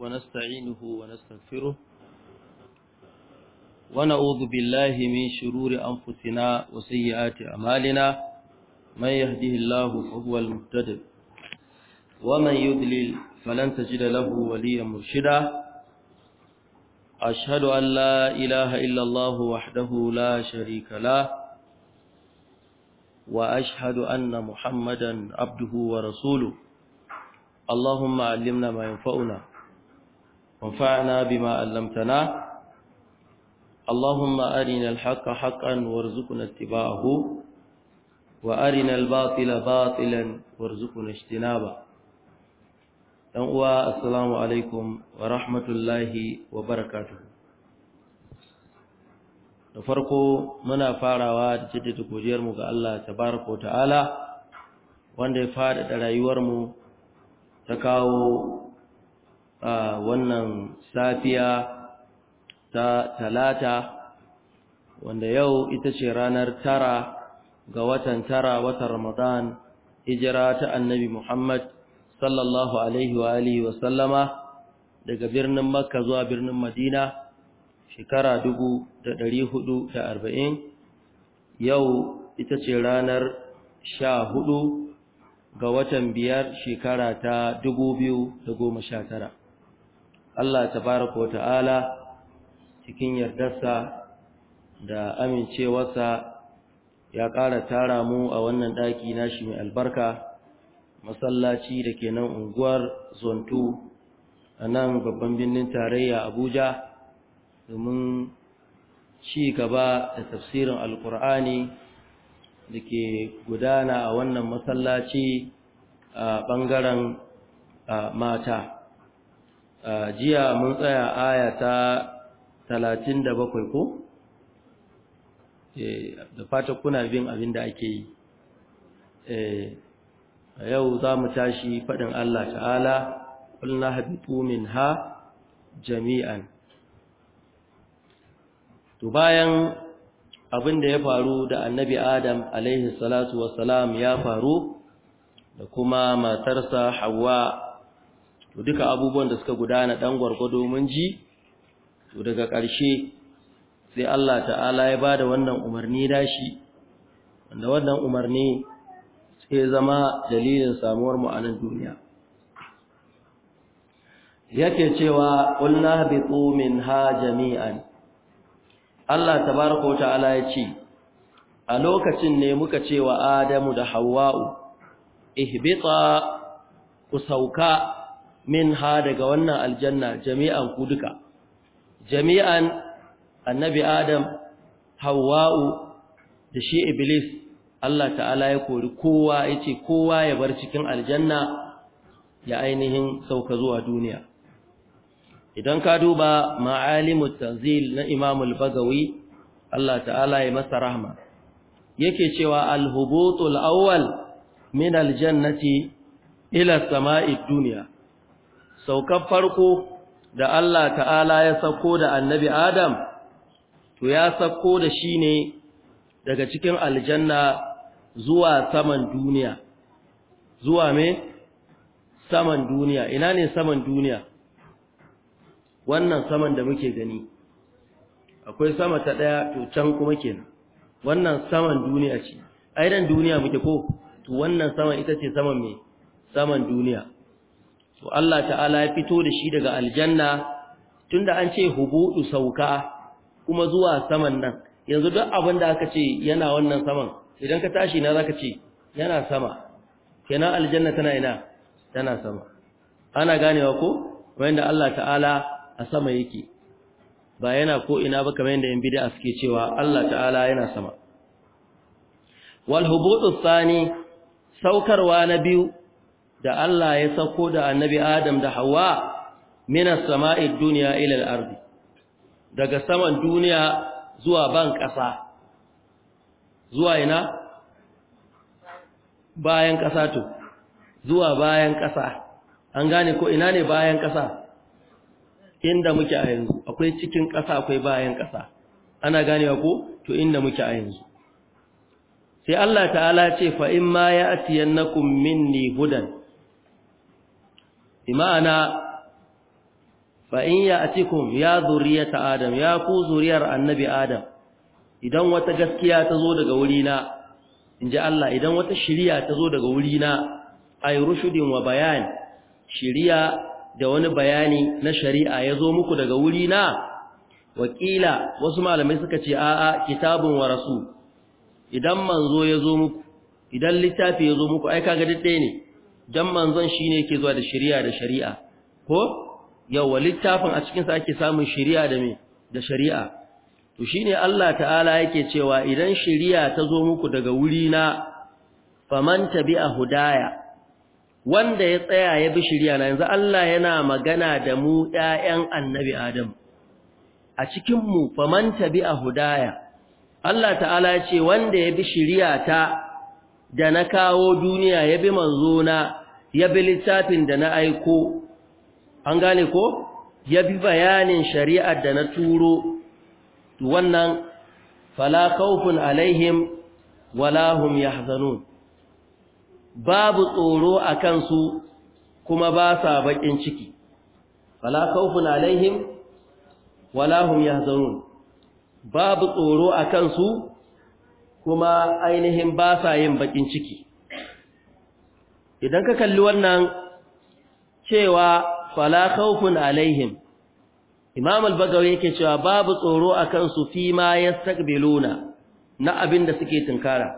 ونستعينه ونستغفره ونعوذ بالله من شرور أنفسنا وسيئات أمالنا من يهده الله فهو المهتد ومن يضلل فلن تجد له وليا مرشدا أشهد أن لا إله إلا الله وحده لا شريك له وأشهد أن محمدا عبده ورسوله اللهم علمنا ما ينفعنا وانفعنا بما علمتنا اللهم أرنا الحق حقا وارزقنا اتباعه وأرنا الباطل باطلا وارزقنا اجتنابه ɗan uwa assalamu alaikum wa rahmatullahi wa barakatuh da farko muna farawa da jaddada godiyarmu ga Allah tabaraka ta'ala wanda ya faɗaɗa rayuwarmu ta kawo a wannan safiya ta talata wanda yau ita ce ranar tara ga watan tara watan ramadan hijira ta annabi muhammad sallallahu alaihi wa alihi wa sallama daga birnin makka zuwa birnin madina shekara dubu da arba'in, yau ita ce ranar sha hudu ga watan biyar shekara ta dubu biyu da goma sha tara. Allah tabaraka wa ta'ala cikin yardarsa da amincewarsa ya ƙara tara mu a wannan ɗaki nashi mai albarka masallaci da ke nan unguwar zontu a nan babban birnin tarayya abuja domin ci gaba da tafsirin alkur'ani da ke gudana a wannan masallaci a ɓangaren mata jiya mun tsaya aya ta 37 ko eh, da fata kuna bin abin da ake yi eh, A yau za mu tashi faɗin Allah ta'ala haɗu habitu ha jami'an to bayan abin da ya faru da annabi Adam alaihi ya faru da kuma matarsa hawa to duka abubuwan da suka gudana dan gwargwado mun ji to daga ƙarshe sai Allah ta'ala ya bada wannan umarni dashi wanda wannan umarni sai zama dalilin samuwar mu a nan duniya yake cewa qulna bitu minha jami'an Allah tabaaraka ta'ala ya ce a lokacin ne muka cewa Adamu da Hawwa'u ihbita ku sauka Min ha daga wannan aljanna jami'an ku duka jami'an annabi adam hawa'u da shi iblis Allah ta'ala ya kori kowa yace kowa ya bar cikin aljanna ya ainihin sauka zuwa duniya idan ka duba ma'alimut tanzil na Imam al-Bagawi Allah ta'ala ya masa rahma yake cewa al-hubutul awwal min al-jannati ila sama'id dunya saukar farko da Allah ta'ala ya sauko da annabi Adam to ya sauko da shi ne daga cikin aljanna zuwa saman duniya zuwa me saman duniya ina ne saman duniya wannan saman da muke gani akwai sama ta daya to can kuma kenan wannan saman duniya ce aidan duniya muke ko to wannan saman ita ce saman me saman duniya to Allah ta'ala ya fito da shi daga aljanna tunda an ce hubudu sauka kuma zuwa saman nan yanzu duk abin da aka ce yana wannan saman idan ka tashi na zaka ce yana sama kenan aljanna tana ina tana sama ana ganewa ko wanda Allah ta'ala a sama yake ba yana ko ina ba kamar yadda yan bid'a suke cewa Allah ta'ala yana sama wal hubutu tsani saukarwa na biyu da Allah ya sako da annabi Adam da Hawwa minas sama'id dunya ila al daga saman duniya zuwa ban ƙasa zuwa ina bayan ƙasa to zuwa bayan ƙasa an gane ko ina ne bayan ƙasa inda muke a yanzu akwai cikin ƙasa akwai bayan ƙasa ana ganewa ko to inda muke a yanzu sai Allah ta'ala ce fa in ma ya'tiyannakum minni hudan imana fa in ya'tikum ya zuriyata adam ya ku zuriyar annabi adam idan wata gaskiya ta zo daga wurina inji Allah idan wata shiriya ta zo daga wurina ay rushudin wa bayan shiriya da wani bayani na shari'a ya zo muku daga wurina wakila wasu malamai suka ce a'a kitabun wa rasul idan manzo ya zo muku idan littafi ya zo muku ai kaga daddai ne dan manzon shine yake zuwa da shari'a da shari'a ko yawa littafin a cikin sa ake samun shari'a da me da shari'a to shine Allah ta'ala yake cewa idan shari'a ta zo muku daga wuri na faman tabi'a hudaya wanda ya tsaya ya bi shari'a na yanzu Allah yana magana da mu ƴaƴan annabi Adam a cikin mu faman tabi'a hudaya Allah ta'ala ya ce wanda ya bi shari'a ta da na kawo duniya ya bi manzona ya bi littafin da na aiko an gane ko ya bi bayanin shari'ar da na turo wannan fala khawfun alaihim wala hum yahzanun babu tsoro akan su kuma ba sa bakin ciki fala khawfun alaihim wala hum yahzanun babu tsoro akan su kuma ainihin ba sa yin bakin ciki idan ka kalli wannan cewa fala khawfun alaihim imam al-bagawi yake cewa babu tsoro akan su fi ma yastaqbiluna na abin da suke tunkara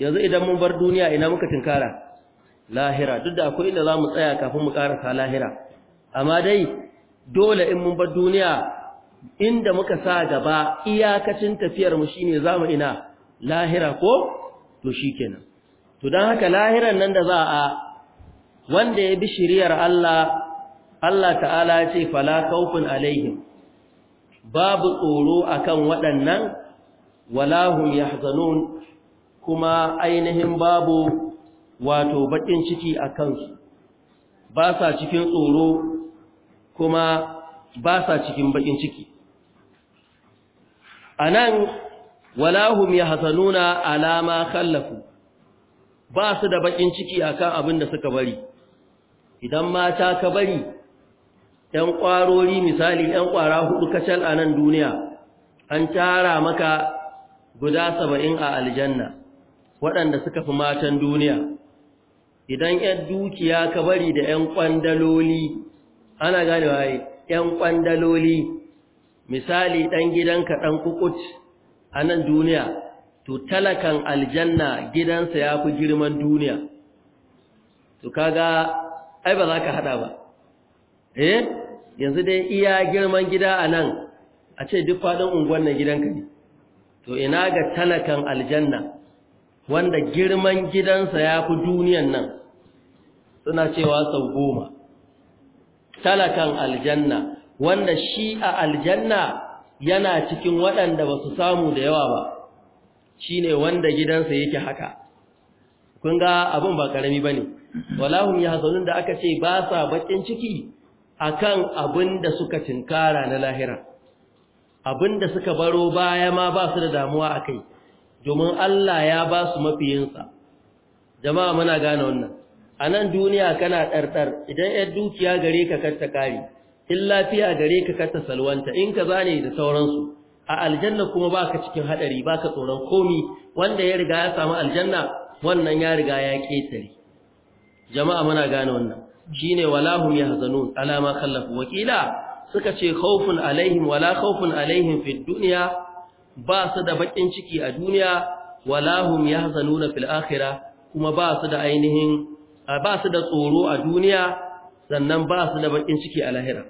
yanzu idan mun bar duniya ina muka tunkara lahira duk da akwai inda zamu tsaya kafin mu karasa lahira amma dai dole in mun bar duniya inda muka sa gaba iyakacin tafiyar mu shine zamu ina lahira ko to shikenan to dan haka lahiran nan da za a wanda ya bi shiriyar Allah Allah ta'ala ya ce fala kaufin alaihim babu tsoro akan waɗannan wala hum yahzanun kuma ainihin babu wato baƙin ciki akan su ba sa cikin tsoro kuma ba sa cikin bakin ciki anan walahum yahzanuna ala ma khallafu ba su da bakin ciki akan abin da suka bari idan mata ka bari ɗan ƙwarori misali ɗan ƙwara hudu kacal a nan duniya an tara maka guda saba'in a aljanna waɗanda suka fi matan duniya idan ‘yan dukiya ka bari da ‘yan ƙwandaloli ana gane waye ‘yan ƙwandaloli, misali ɗan gidanka ɗan kukut a nan duniya, to talakan aljanna gidansa ya fi girman duniya. To kaga, ai ba za ka haɗa ba. Eh, yanzu dai iya girman gida a nan, a ce duk faɗin unguwan na gidanka ne. To ina ga talakan aljanna, wanda girman gidansa ya fi duniyan nan, suna cewa sau goma. talakan aljanna wanda shi a aljanna yana cikin waɗanda ba su samu da yawa ba shine wanda gidansa yake haka kun ga abin ba ƙarami karami bane ya yahzanun da aka ce ba sa bakin ciki a kan abin da suka tinkara na lahira abin da suka baro baya ma ba su da damuwa a kai, domin Allah ya ba su mafiyinsa jama'a muna gane wannan a nan duniya kana ɗarɗar idan ‘yar dukiya gare ka karta kari in lafiya gare ka karta salwanta in ka zane da sauransu a aljanna kuma baka cikin haɗari baka tsoron komi wanda ya riga ya samu aljanna wannan ya riga ya ƙetare jama'a muna gane wannan shi ne walahum ya hazanu alama kallafu wakila suka ce khawfun alaihim wala khawfun alaihim fi duniya ba su da baƙin ciki a duniya walahum ya na fil fil'akira kuma ba su da ainihin ba su da tsoro a duniya sannan ba su da bakin ciki a lahira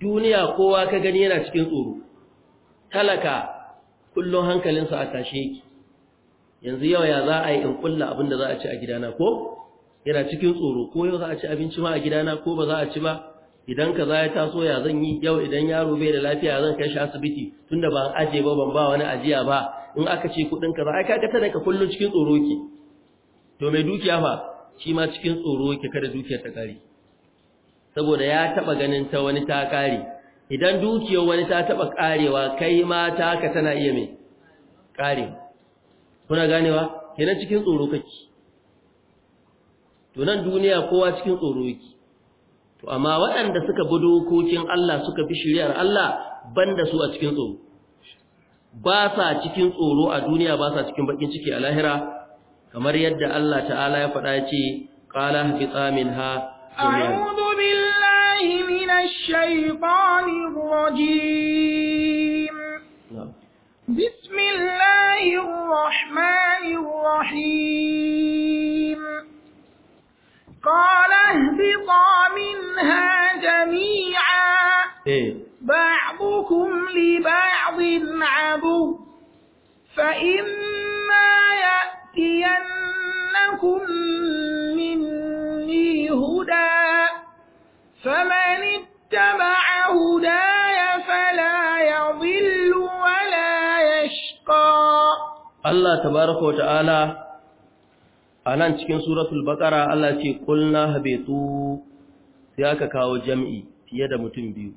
duniya kowa ka gani yana cikin tsoro talaka kullum hankalinsa a tashe yake yanzu yau ya za a yi in kulla abin da za a ci a gidana ko yana cikin tsoro ko yau za a ci abinci ma a gidana ko ba za a ci ba idan ka za ya taso ya zan yi yau idan yaro bai da lafiya zan kai shi asibiti tunda ba an aje ba ban ba wani ajiya ba in aka ce kudin ka za a kaga talaka kullum cikin tsoro ki to mai dukiya fa shi ma cikin tsoro yake kada dukiyar ta kare saboda ya taba ganin ta wani ta kare idan dukiyar wani ta taba karewa kai ma ta ka tana iya mai kare kuna ganewa kenan cikin tsoro kake to nan duniya kowa cikin tsoro yake to amma waɗanda suka bi dokokin Allah suka bi shari'ar Allah banda su a cikin tsoro ba sa cikin tsoro a duniya ba sa cikin bakin ciki a lahira kamar yadda Allah ta'ala ya faɗa ce qala hafita minha a'udhu billahi minash shaitanir rajim bismillahir rahmanir rahim qala hafita minha jami'a ba'dukum li ba'din 'adu fa in يأتينكم مني هدى فمن اتبع هداي فلا يضل ولا يشقى الله تبارك وتعالى anan cikin suratul baƙara Allah ce kulna habitu sai aka kawo jami'i fiye da mutum biyu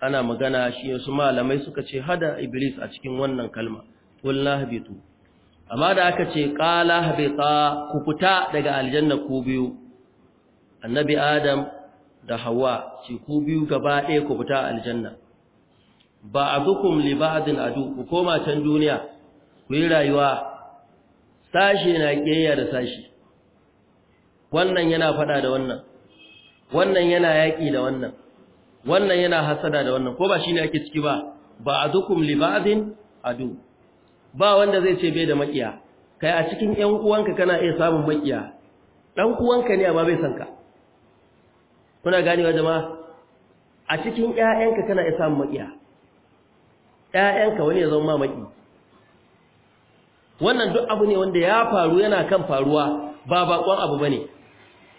ana magana shi su malamai suka ce hada iblis a cikin wannan kalma kulna habitu amma da aka ce qala habita ku fita daga aljanna ku biyu annabi adam da hawa ci ku biyu gaba ɗaya ku fita aljanna Ba a li ba'din adu ku koma can duniya ku yi rayuwa sashi na kiyaya da sashi wannan yana fada da wannan wannan yana yaƙi da wannan wannan yana hasada da wannan ko ba shi ne ake ciki ba Ba a li ba'din adu ba wanda zai ce bai da makiya kai a cikin ƴan uwanka kana iya samun makiya dan uwanka ne amma bai san ka kuna wa jama'a a cikin ƴaƴanka kana iya samun makiya ƴaƴanka wani ya zama ma maki wannan duk abu ne wanda ya faru yana kan faruwa ba bakon abu bane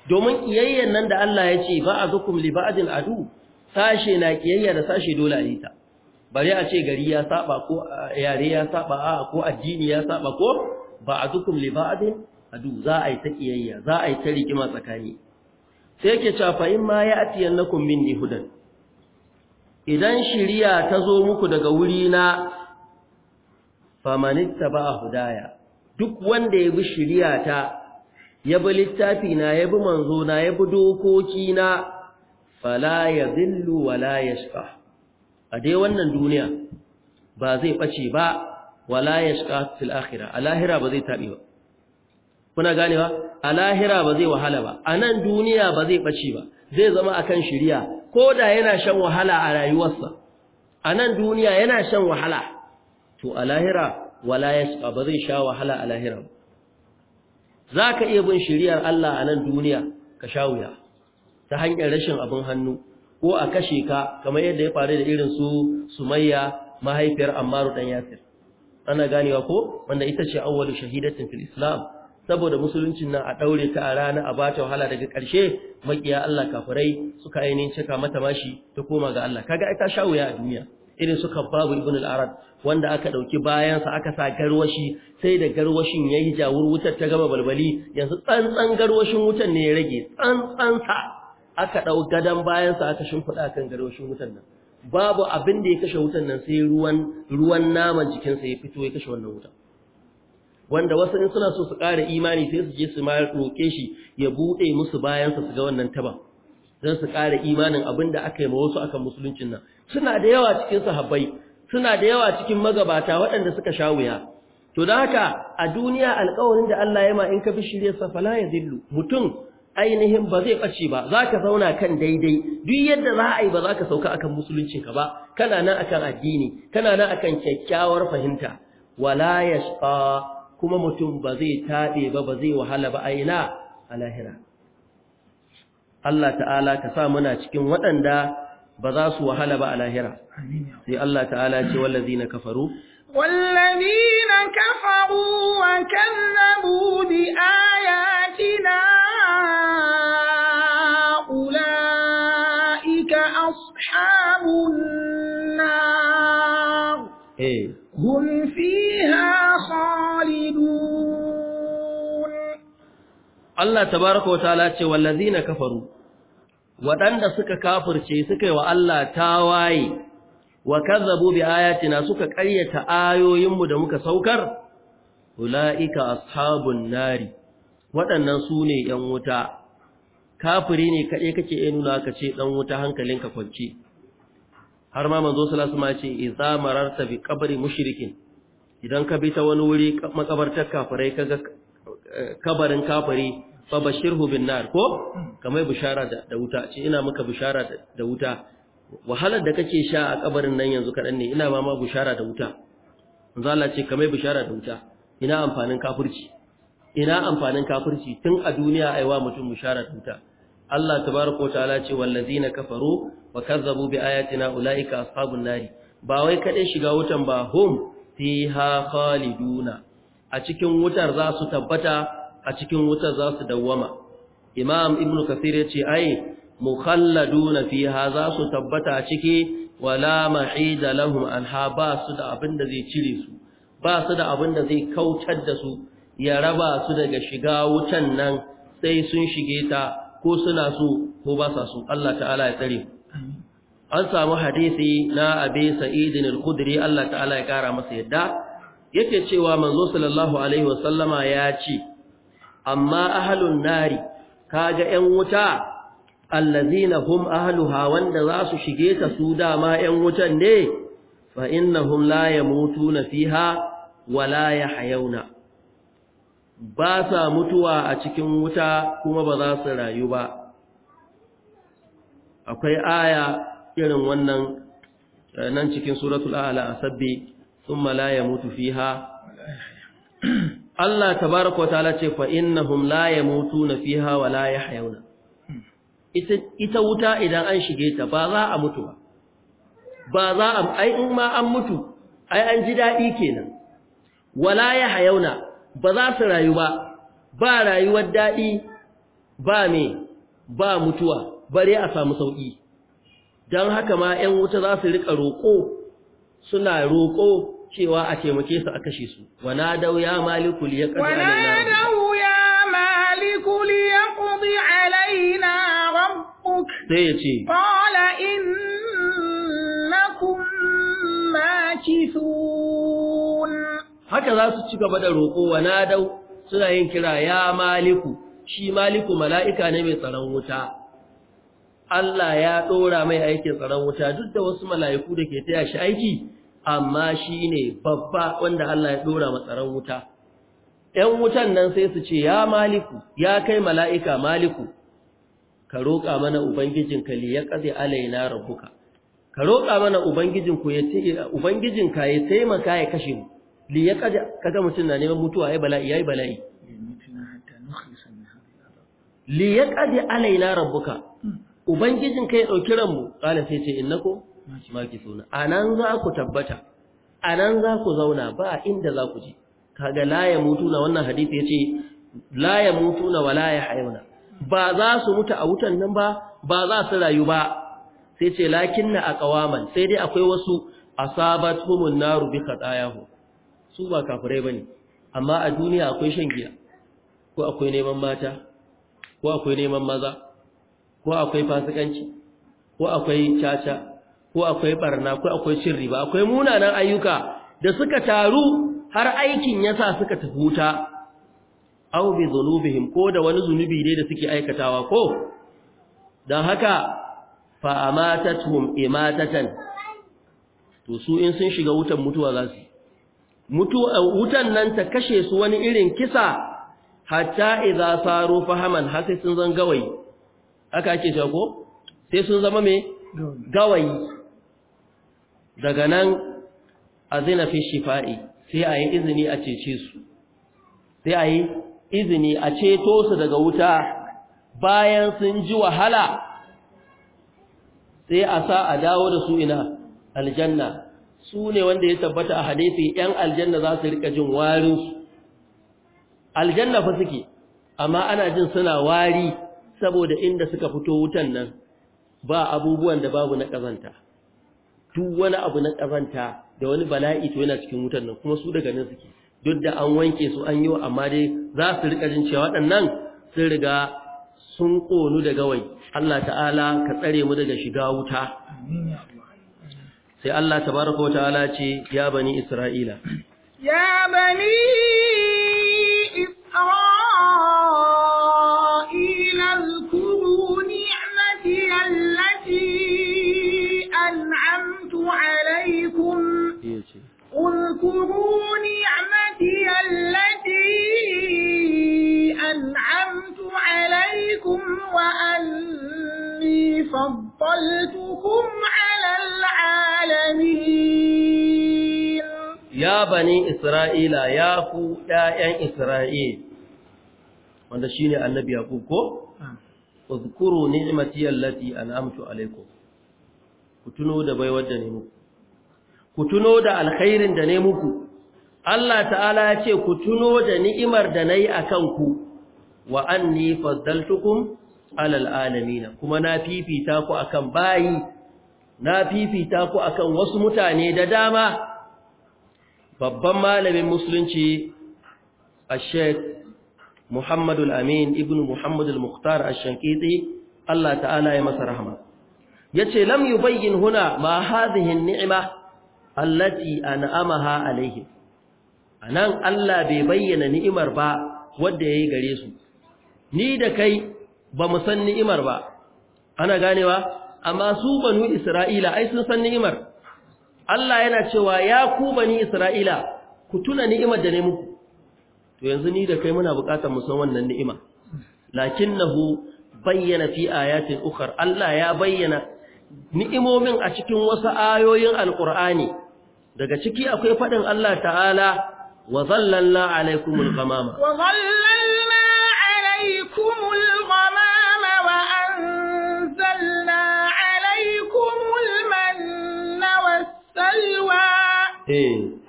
domin kiyayyen nan da Allah ya ce ba azukum li ba'dil adu sashe na kiyayya da sashe dole a yi ta bari a ce gari ya saba ko yare ya saba a ko addini ya saba ko ba'dukum li ba'din adu za a yi ta iyayya za a yi ta rigima tsakani sai yake cewa fa in ma ati lakum minni hudan idan shiriya ta zo muku daga wuri na ba hudaya duk wanda ya bi shiriya ta ya bi littafi na ya bi manzo na ya bi dokoki na fala ya wala yashqa a dai wannan duniya ba zai ɓace ba wala yashqa fil akhirah a lahira ba zai tabi ba kuna gane ba a lahira ba zai wahala ba a nan duniya ba zai ɓace ba zai zama akan shiriya ko da yana shan wahala a rayuwarsa a nan duniya yana shan wahala to a lahira wala yashqa ba zai sha wahala a lahira ba za ka iya bin shiriyar Allah a nan duniya ka sha wuya ta hanyar rashin abin hannu ko a kashe ka kamar yadda ya faru da irin su sumayya mahaifiyar ammaru dan yasir ana ganewa ko wanda ita ce awwalu shahidatin fil islam saboda musuluncin nan a daure ta a rana a bata wahala daga karshe makiya Allah kafirai suka ainihin cika mata mashi ta koma ga Allah kaga ai ta sha a duniya irin su kabbabu ibn al-arad wanda aka dauki sa aka sa garwashi sai da garwashin yayi jawur wutar ta gama balbali yanzu tsantsan garwashin wutar ne ya rage tsantsan sa aka ɗau gadon bayansa aka shimfiɗa kan garwashin wutan nan babu abin da ya kashe wutan nan sai ruwan naman jikinsa ya fito ya kashe wannan wuta wanda wasu in suna so su ƙara imani sai su je su ma roƙe shi ya buɗe musu bayansa su ga wannan taba don su ƙara imanin abin da aka yi ma wasu akan musuluncin nan suna da yawa cikin sahabbai suna da yawa cikin magabata waɗanda suka sha wuya to dan haka a duniya alƙawarin da Allah ya ma in ka bi shirye sa fala ya zillu mutum ainihin ba zai ɓace ba za ka zauna kan daidai duk yadda za a yi ba za ka sauka akan musuluncinka ba kana nan akan addini kana nan akan kyakkyawar fahimta wala ya yashqa kuma mutum ba zai taɓe ba ba zai wahala ba aina a lahira Allah ta'ala ka sa muna cikin waɗanda ba za su wahala ba a lahira sai Allah ta'ala ce wallazi wallazina kafaru wallazina kafaru wa kazzabu bi ayatina أولئك أصحاب النار هم فيها خالدون الله تبارك وتعالى والذين كفروا waɗanda suka kafirce suka yi wa Allah tawaye wa kazzabu bi ayatina suka ƙaryata ayoyinmu da muka saukar ulaika ashabun nari waɗannan su ne ‘yan wuta, kafiri ne kaɗai kake ‘yan nuna ka ce ɗan wuta hankalinka kwanci, har ma manzo lasu ma ce, za mararta bi ƙabari mushirikin, idan ka bi ta wani wuri makabartar kafirai ka ga eh, kabarin kafiri, fa bashir hubin nar ko, kamai bishara da wuta, ce ina muka bishara da wuta, wahalar da kake sha a kabarin nan yanzu kaɗan ne, ina ma ma bishara da wuta, zala ce kamai bishara da wuta, ina amfanin kafirci. ina amfanin kafirci tun a duniya aiwa mutum bisharar tuta Allah tabaraka wataala ce wallazina kafaru wa kazzabu ayatina ulaika ashabun nari ba wai kadai shiga wutan ba hum fiha khaliduna a cikin wutar za su tabbata a cikin wutar za su dawwama imam ibnu kathir ce ai mukhalladuna fiha za su tabbata a ciki wala mahida lahum anha ba su da abin zai cire su ba su da abin zai kautar da su ya raba su daga shiga wutan nan sai sun shige ta ko suna so ko ba sa so Allah ta'ala ya tsare an samu hadisi na abi sa'idin al-khudri Allah ta'ala ya kara masa yadda yake cewa manzo sallallahu alaihi wasallama ya ce amma ahlun nari kaga 'yan wuta allazina hum ahluha wanda za su shige ta su dama 'yan wutan ne fa innahum la yamutuna fiha wala la yahyauna ba sa mutuwa a cikin wuta kuma ba za su rayu ba akwai aya irin wannan eh, nan cikin suratul a'la asabbi thumma la yamutu fiha Allah tabaaraka wa ta'ala ce fa innahum la yamutuna fiha wa la yahyauna ita ita wuta idan an shige ta ba za a mutu ba ba za a ai in ma an mutu ai an ji dadi kenan wala yahyauna ba za su rayu ba ba rayuwar daɗi ba me ba mutuwa bare a samu sauƙi don haka ma 'yan wuta za su riƙa roƙo suna roƙo cewa a taimake su a kashe su wana dau ya maliku ya qadi wana dau ya ya qadi alaina rabbuk sai yace qala innakum haka za su ci gaba da roƙo wa nadau suna yin kira ya maliku shi maliku mala'ika ne mai tsaron wuta Allah ya ɗora mai aikin tsaron wuta duk da wasu mala'iku da ke taya shi aiki amma shi ne babba wanda Allah ya ɗora ma tsaron wuta ‘yan wutan nan sai su ce ya maliku ya kai mala'ika maliku ka roƙa mana ubangijinka li ya ƙaze alaina rabuka ka roƙa mana ya ubangijinka ya taimaka ya kashe mu li ya kaga mutum na neman mutuwa yi bala'i yi bala'i li ya kaja alaina rabbuka ubangijin kai ya dauki ranmu qala sai ce innako maki suna anan za ku tabbata anan za ku zauna ba inda za ku je kaga la ya na wannan hadisi yace la ya na wala ya hayuna ba za su mutu a wutan nan ba ba za su rayu ba sai ce lakinna aqwaman sai dai akwai wasu asabatumun naru bi khatayahu su ba kafirai bane amma a duniya akwai shan giya ko akwai neman mata ko akwai neman maza ko akwai fasikanci ko akwai caca ko akwai barna ko akwai cin riba akwai munanan ayyuka da suka taru har aikin yasa suka tafi wuta aw bi dhunubihim ko da wani zunubi ne da suke aikatawa ko dan haka fa amatatuhum imatatan to su in sun shiga wutan mutuwa za su Uh, wutan nan ta kashe su wani irin kisa hatta idza saru fahaman har sun zan gawayi aka ake cewa ko sai sun zama me gawayi daga nan azina fi shifa'i sai a yi izini a cece su sai a yi izini a ceto su daga wuta bayan sun ji wahala sai a sa a dawo da su ina aljanna su ne wanda ya tabbata a hadisi ‘yan aljanna za su rika jin warinsu aljanna fa suke amma ana jin suna wari saboda inda suka fito wutan nan ba abubuwan da babu na ƙazanta duk wani abu na ƙazanta da wani bala'i to yana cikin wutan nan kuma su daga nan suke duk da an wanke su an yi wa amma dai za su rika jin cewa waɗannan sun riga sun ƙonu da gawai Allah ta'ala ka tsare mu daga shiga wuta sai Allah tabaraka wa ta'ala ce ya bani Isra'ila ya bani Isra'ila zkuru ni'mati allati an'amtu alaykum اذكروا نعمتي التي أنعمت عليكم وأني فضلتكم العالمين يا بني إسرائيل يا كو دائن إسرائيل wanda shine annabi yaqub ko uzkuru ni'mati allati an'amtu alaykum ku tuno da baiwar da ne muku ku tuno da alkhairin da ne muku Allah ta'ala ya ce ku tuno da ni'imar da nayi akan ku wa anni faddaltukum alal alamin kuma na fifita ku akan bayi na fifita ku akan wasu mutane da dama babban malamin musulunci ashek sheikh Muhammadul Amin ibn Muhammadul Mukhtar ash Allah ta'ala ya masa rahma yace lam yubayyin huna ma hazihin ni'ima allati an'amaha alaihi anan Allah bai bayyana ni'imar ba wanda yayi gare su ni da kai ba mu san ni'imar ba ana ganewa amma su banu Isra'ila ai sun san ni'imar Allah yana cewa ya ku bani Isra'ila ku tuna ni'imar da ne muku to yanzu ni da kai muna bukatar mu san wannan ni'ima lakinnahu bayyana fi ayatin ukar. Allah ya bayyana ni'imomin a cikin wasu ayoyin alqur'ani daga ciki akwai faɗin Allah ta'ala wa zallalla alaykumul ghamama السلوى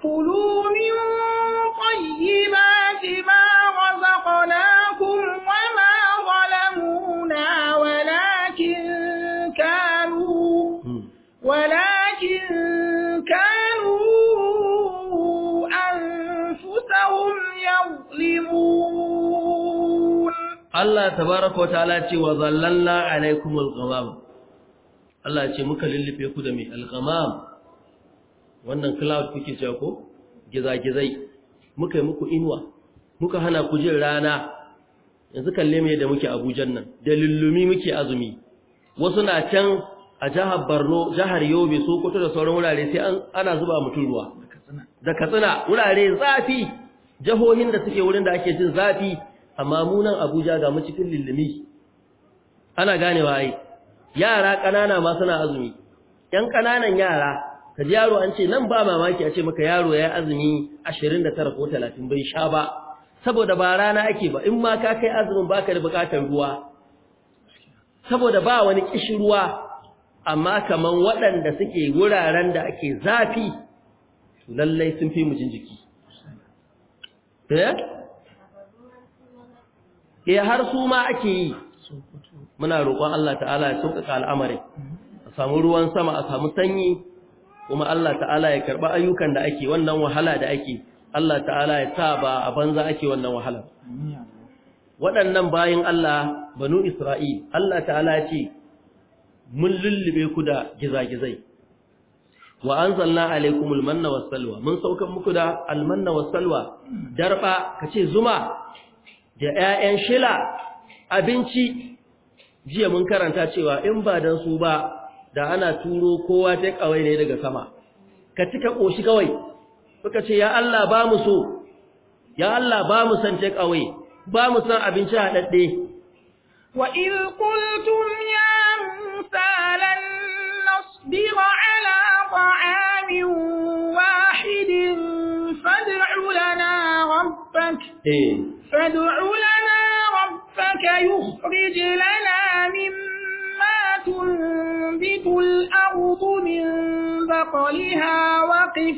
كلوا من طيبات ما رزقناكم وما ظلمونا ولكن كانوا ولكن كانوا أنفسهم يظلمون الله تبارك وتعالى وظللنا عليكم الغمام Allah ce muka lullube ku da mai alghamam wannan cloud kuke cewa ko gizagizai muka yi muku inuwa muka hana ku jin rana yanzu kalle mu da muke abujan nan da lullumi muke azumi wasu na can a jihar Barno jihar Yobe Sokoto da sauran wurare sai ana zuba mutum ruwa da Katsina wurare zafi jahohin da suke wurin da ake jin zafi amma mu Abuja ga mu cikin lullumi ana ganewa ai yara kanana ma suna azumi yan ƙananan yara ka ji yaro an ce nan ba mamaki a ce maka yaro ya azumi 29 ko 30 bai sha ba saboda ba rana ake ba in ma ka kai azumin baka da bukatar ruwa saboda ba wani kishin ruwa amma kaman waɗanda suke wuraren da ake zafi lallai sun fi mu jiki eh eh har su ma ake yi muna roƙon Allah ta'ala ya sauƙaƙa al'amari a samu ruwan sama a samu sanyi kuma Allah ta'ala ya karba ayyukan da ake wannan wahala da ake Allah ta'ala ya sa ba a banza ake wannan wahala waɗannan bayin Allah banu Isra'il Allah ta'ala Ya ce mun lullube ku da gizagizai wa anzalna alaykumul manna wassalwa mun saukan muku da almanna wassalwa darba kace zuma da ƴaƴan shila abinci jiya mun karanta cewa in ba dan su ba da ana turo kowa ta kawai ne daga sama ka cika koshi kawai muka ce ya Allah ba mu so ya Allah ba mu san ta kawai ba mu san abinci haɗaɗɗe wa idh qultum ya musa lan nasbira ala ta'amin wahidin fad'u lana rabbak eh. fad'u lana rabbaka yukhrij lana mimma تنبت الأرض من بقلها وقفائها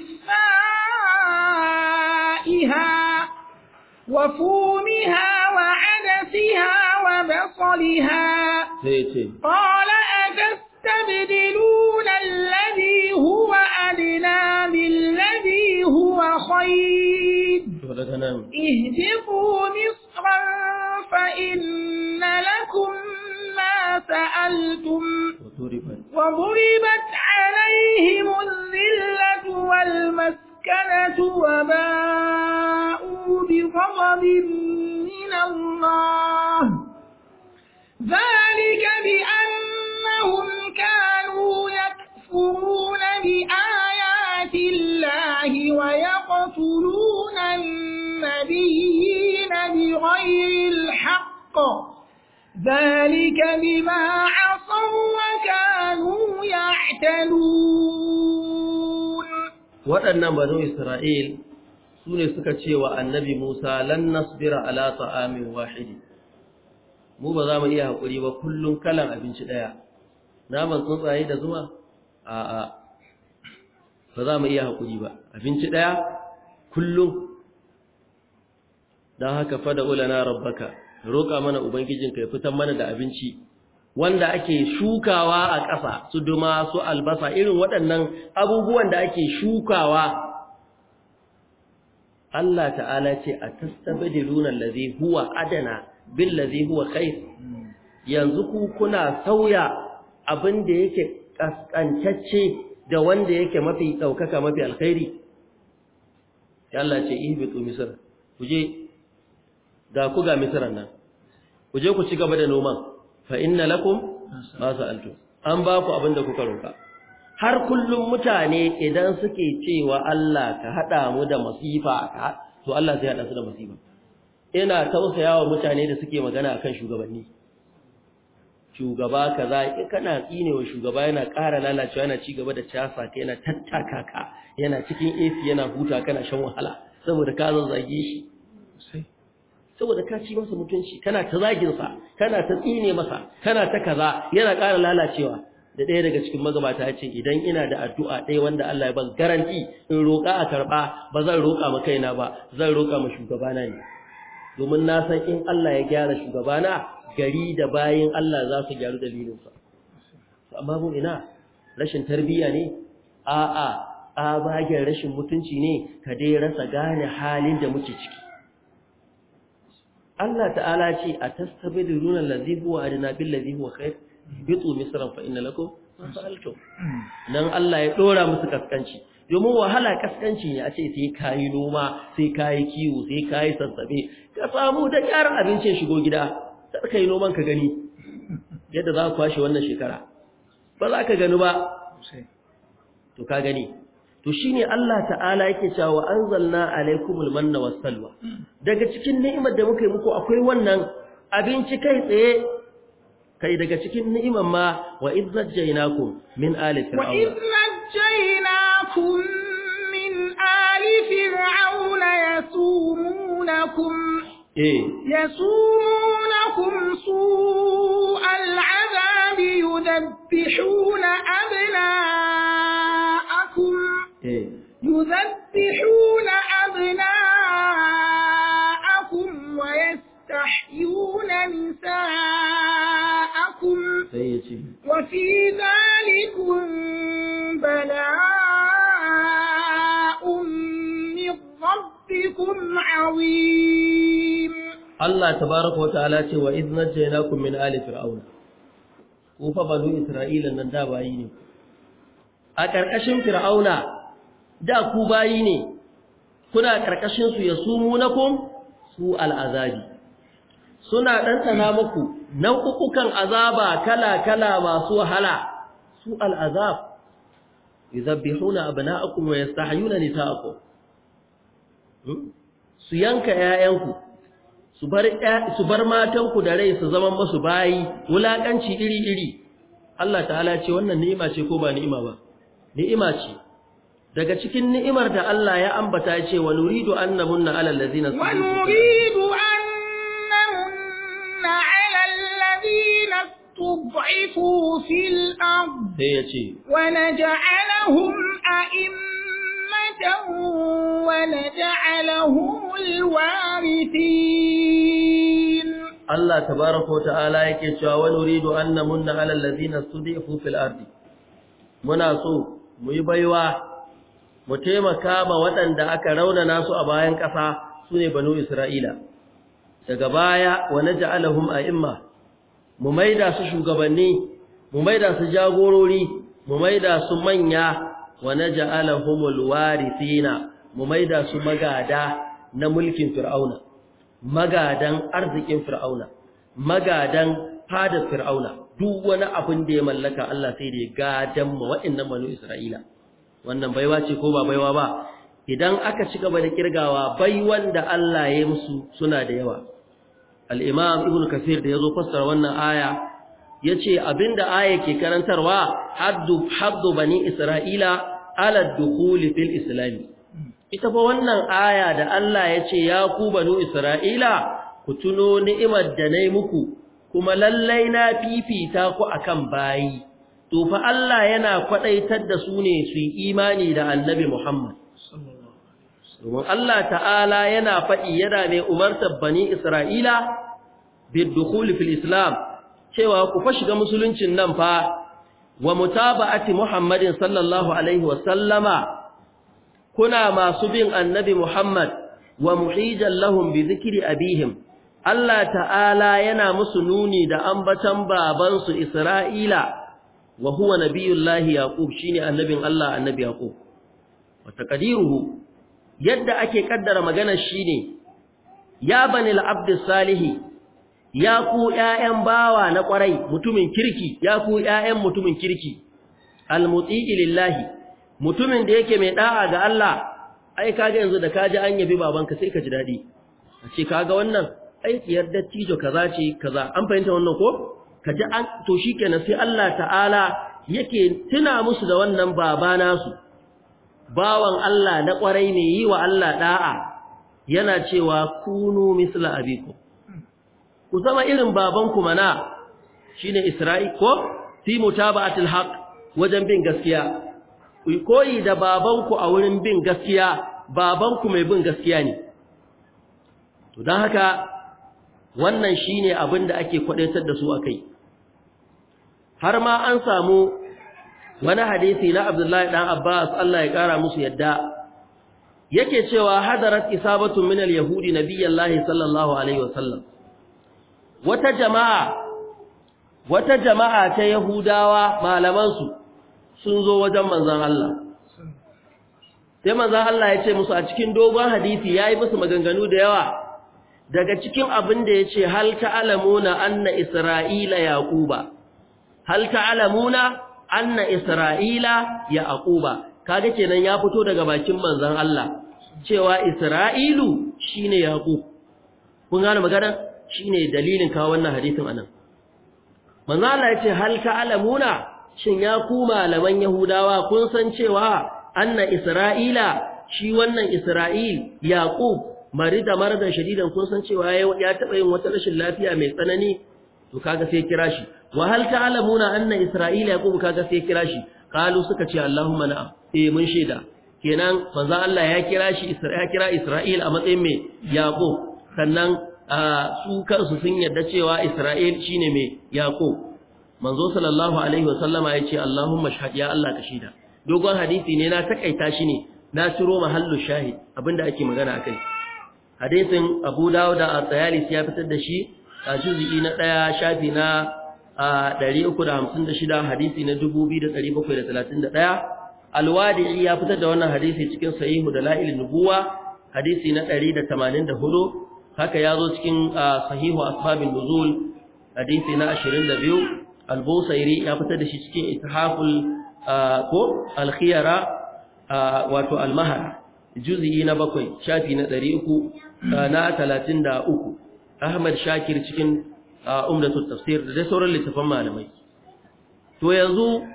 وفومها وعدسها وبصلها قال أتستبدلون الذي هو أدنى بالذي هو خير اهدفوا مصرا فإن لكم ما سألتم وضربت عليهم الذلة والمسكنة وباءوا بغضب من الله ذلك بما عصوا وكانوا يعتلون waɗannan banu Isra'il su ne suka ce wa annabi Musa lan nasbira ala ta'amin wahidi mu ba za mu iya haƙuri ba kullum kalan abinci ɗaya naman tsuntsaye da zuma a'a ba za mu iya haƙuri ba abinci ɗaya kullum don haka fada ulana rabbaka roƙa mana ubangijin ya fitar mana da abinci wanda ake shukawa a ƙasa su duma su albasa irin waɗannan abubuwan da ake shukawa Allah ta'ala ce a tastabdiluna allazi huwa adana bil ladhi huwa khair yanzu ku kuna sauya abin da yake kaskantacce da wanda yake mafi daukaka mafi alkhairi Allah ce ihbitu misr kuje ga ku ga misran nan ku je ku ci gaba da noman fa inna lakum ma sa'altu an ba ku abin da kuka roka har kullum mutane idan suke cewa Allah ka hada mu da masifa ka to Allah zai hada su da masifa ina tausayawa mutane da suke magana akan shugabanni shugaba kaza in kana tsinewa shugaba yana ƙara lalacewa yana ci gaba da casa ka yana tattaka ka yana cikin AC yana huta kana shan wahala saboda ka zazzage shi saboda ka ci masa mutunci kana ta zagin sa kana ta tsine masa kana ta kaza yana ƙara lalacewa da ɗaya daga cikin magabata ya ce idan ina da addu'a ɗaya wanda Allah ya ban garanti in roƙa a karɓa ba zan roƙa ma kaina ba zan roƙa ma shugabana ne domin na san in Allah ya gyara shugabana gari da bayin Allah za su gyaru dalilinsa amma mu ina rashin tarbiyya ne a'a a bagen rashin mutunci ne ka dai rasa gane halin da muke ciki Allah ta'ala ce a nuna allazi huwa adna bin ladhi huwa kai bitu misran fa inna lakum fa'altum dan Allah ya ɗora musu kaskanci domin wahala kaskanci ya ce sai kayi noma sai kayi kiwo sai kayi sassabe ka samu da karar abincin shigo gida sai kai noman ka gani yadda za ka kwashe wannan shekara ba za ka gani ba to ka gani to shine Allah ta'ala yake cewa anzalna alaikumul manna was salwa daga cikin ni'imar da muka yi muku akwai wannan abinci kai tsaye kai daga cikin ni'imar ma wa idh najjaynakum min ali fir'auna wa idh najjaynakum min ali fir'auna yasumunakum eh yasumunakum su'al 'adhabi yudabbihuna abna'akum يذبحون أبناءكم ويستحيون نساءكم وفي ذلكم بلاء من ربكم عظيم Allah Ta wa ta'ala ce wa idh najaynakum min ali fir'auna ku fa isra'ila nan da ne a ƙarƙashin fir'auna da ku bayi ne kuna karkashin su kun? su al'azabi suna ɗanɗana muku nau'ukan azaba kala-kala masu wahala su al'azab yuzabbihuna abna'akum wa ta nisa'akum hmm? su yanka 'ya'yanku su bar matanku da rai su zama masu bayi wulaƙanci iri-iri Allah ta'ala ce wannan ni'ima ce ko ba ni'ima ba ni'ima ce daga cikin ni'imar da Allah ya ambata ya ce wa nuridu annahunna ala allazina wa nuridu annahunna ala allazina tud'ifu fil ard sai ya ce wa naj'alahum a'immatan wa naj'alahum alwarithin Allah tabaraka wa ta'ala yake cewa wa nuridu annahunna ala allazina tud'ifu fil ard muna so mu yi baiwa mu taimaka ma waɗanda aka raunana su a bayan ƙasa su ne banu isra'ila daga baya wa ja’alahun a'imma mu maida su shugabanni mu maida su jagorori mu maida su manya wa naj'alahumul warithina mu maida su magada na mulkin fir'auna magadan arzikin fir'auna magadan fadar fir'auna duk wani abin da ya mallaka Allah sai da ya gadan mu nan banu isra'ila wannan baiwa ce ko ba baiwa ba idan aka ci gaba da kirgawa baiwan da Allah ya musu suna da yawa al-imam ibn kafir da yazo fassara wannan aya yace abinda aya ke karantarwa haddu haddu bani isra'ila ala dukhul fil islam ita fa wannan aya da Allah yace ya ku banu isra'ila ku tuno ni'imar da nayi muku kuma lallai na fifita ku akan bayi to fa Allah yana kwadaitar da su ne su yi imani da annabi Muhammad Allah ta'ala yana faɗi yana mai umartar bani Isra'ila bid fil islam cewa ku fa shiga musuluncin nan fa wa mutaba'ati Muhammadin sallallahu alaihi kuna masu bin annabi Muhammad wa muhijan lahum bi a abihim Allah ta'ala yana musu nuni da ambatan babansu Isra'ila wa huwa nabiyullahi yaqub shine annabin Allah annabi yaqub wa taqdiruhu yadda ake kaddara maganar shine ya bani al-abd salih ya ku ƴaƴan bawa na kwarai mutumin kirki ya ku ƴaƴan mutumin kirki al-muti'i lillahi mutumin da yake mai da'a ga Allah ai kaga yanzu da kaji an yabi babanka sai ka ji dadi a ce kaga wannan ai tsiyar dattijo kaza ce kaza an fahimta wannan ko ji an to shikenan sai Allah ta'ala yake tuna musu da wannan baba nasu bawan Allah na kwarai ne yi wa Allah da'a yana cewa kunu misla abiku ku zama irin babanku mana shine Isra'i ko fi mutaba'atil haqq wajen bin gaskiya ku koyi da babanku a wurin bin gaskiya babanku mai bin gaskiya ne to don haka wannan shine abin da ake kwadaitar da su a kai. har ma an samu wani hadisi na Abdullahi ɗan Abbas Allah ya kara musu yadda yake cewa hadarat isabatu min al-yahudi nabiyallahi sallallahu alaihi wasallam wata jama'a wata jama'a ta yahudawa malaman su sun zo wajen manzon Allah sai manzon Allah ya ce musu a cikin dogon hadisi yayi musu maganganu da yawa daga cikin abin da yace hal ta'lamuna anna isra'ila yaquba hal ta'lamuna anna isra'ila ya'quba kaga kenan ya fito daga bakin manzon Allah cewa isra'ilu shine yaqub kun gane magana shine dalilin ka wannan hadisin anan manzon Allah yace ce hal ta'lamuna shin ya ku malaman yahudawa kun san cewa anna isra'ila shi wannan isra'il yaqub marida marada shadidan kun san cewa ya taba yin wata rashin lafiya mai tsanani to kaga sai kira shi wa hal ta'lamuna anna isra'ila yaqub kaga sai kira shi qalu suka ce allahumma na. eh mun shaida kenan banza Allah ya kira shi kira isra'il a matsayin me yaqub sannan su kansu sun yarda cewa isra'il shine me yaqub manzo sallallahu alaihi wasallama ya ce allahumma shahad ya Allah ka shaida dogon hadisi ne na takaita shi ne na ciro mahallu shahid abinda ake magana akai hadisin abu dawud da at-tayalisi ya fitar da shi a juzu'i na 1 shafi na a 356 hadisi na 2731 alwadi'i ya fitar da wannan hadisi cikin sahihu da la'il nubuwa hadisi na 184 haka ya zo cikin sahihu Asbabin nuzul hadisi na 22 albusairi ya fitar da shi cikin ithaful ko alkhiyara wato almahara juz'i na bakwai shafi na 300 na 33 ahmad shakir cikin umdatu tafsir da dai sauran littafan malamai to yanzu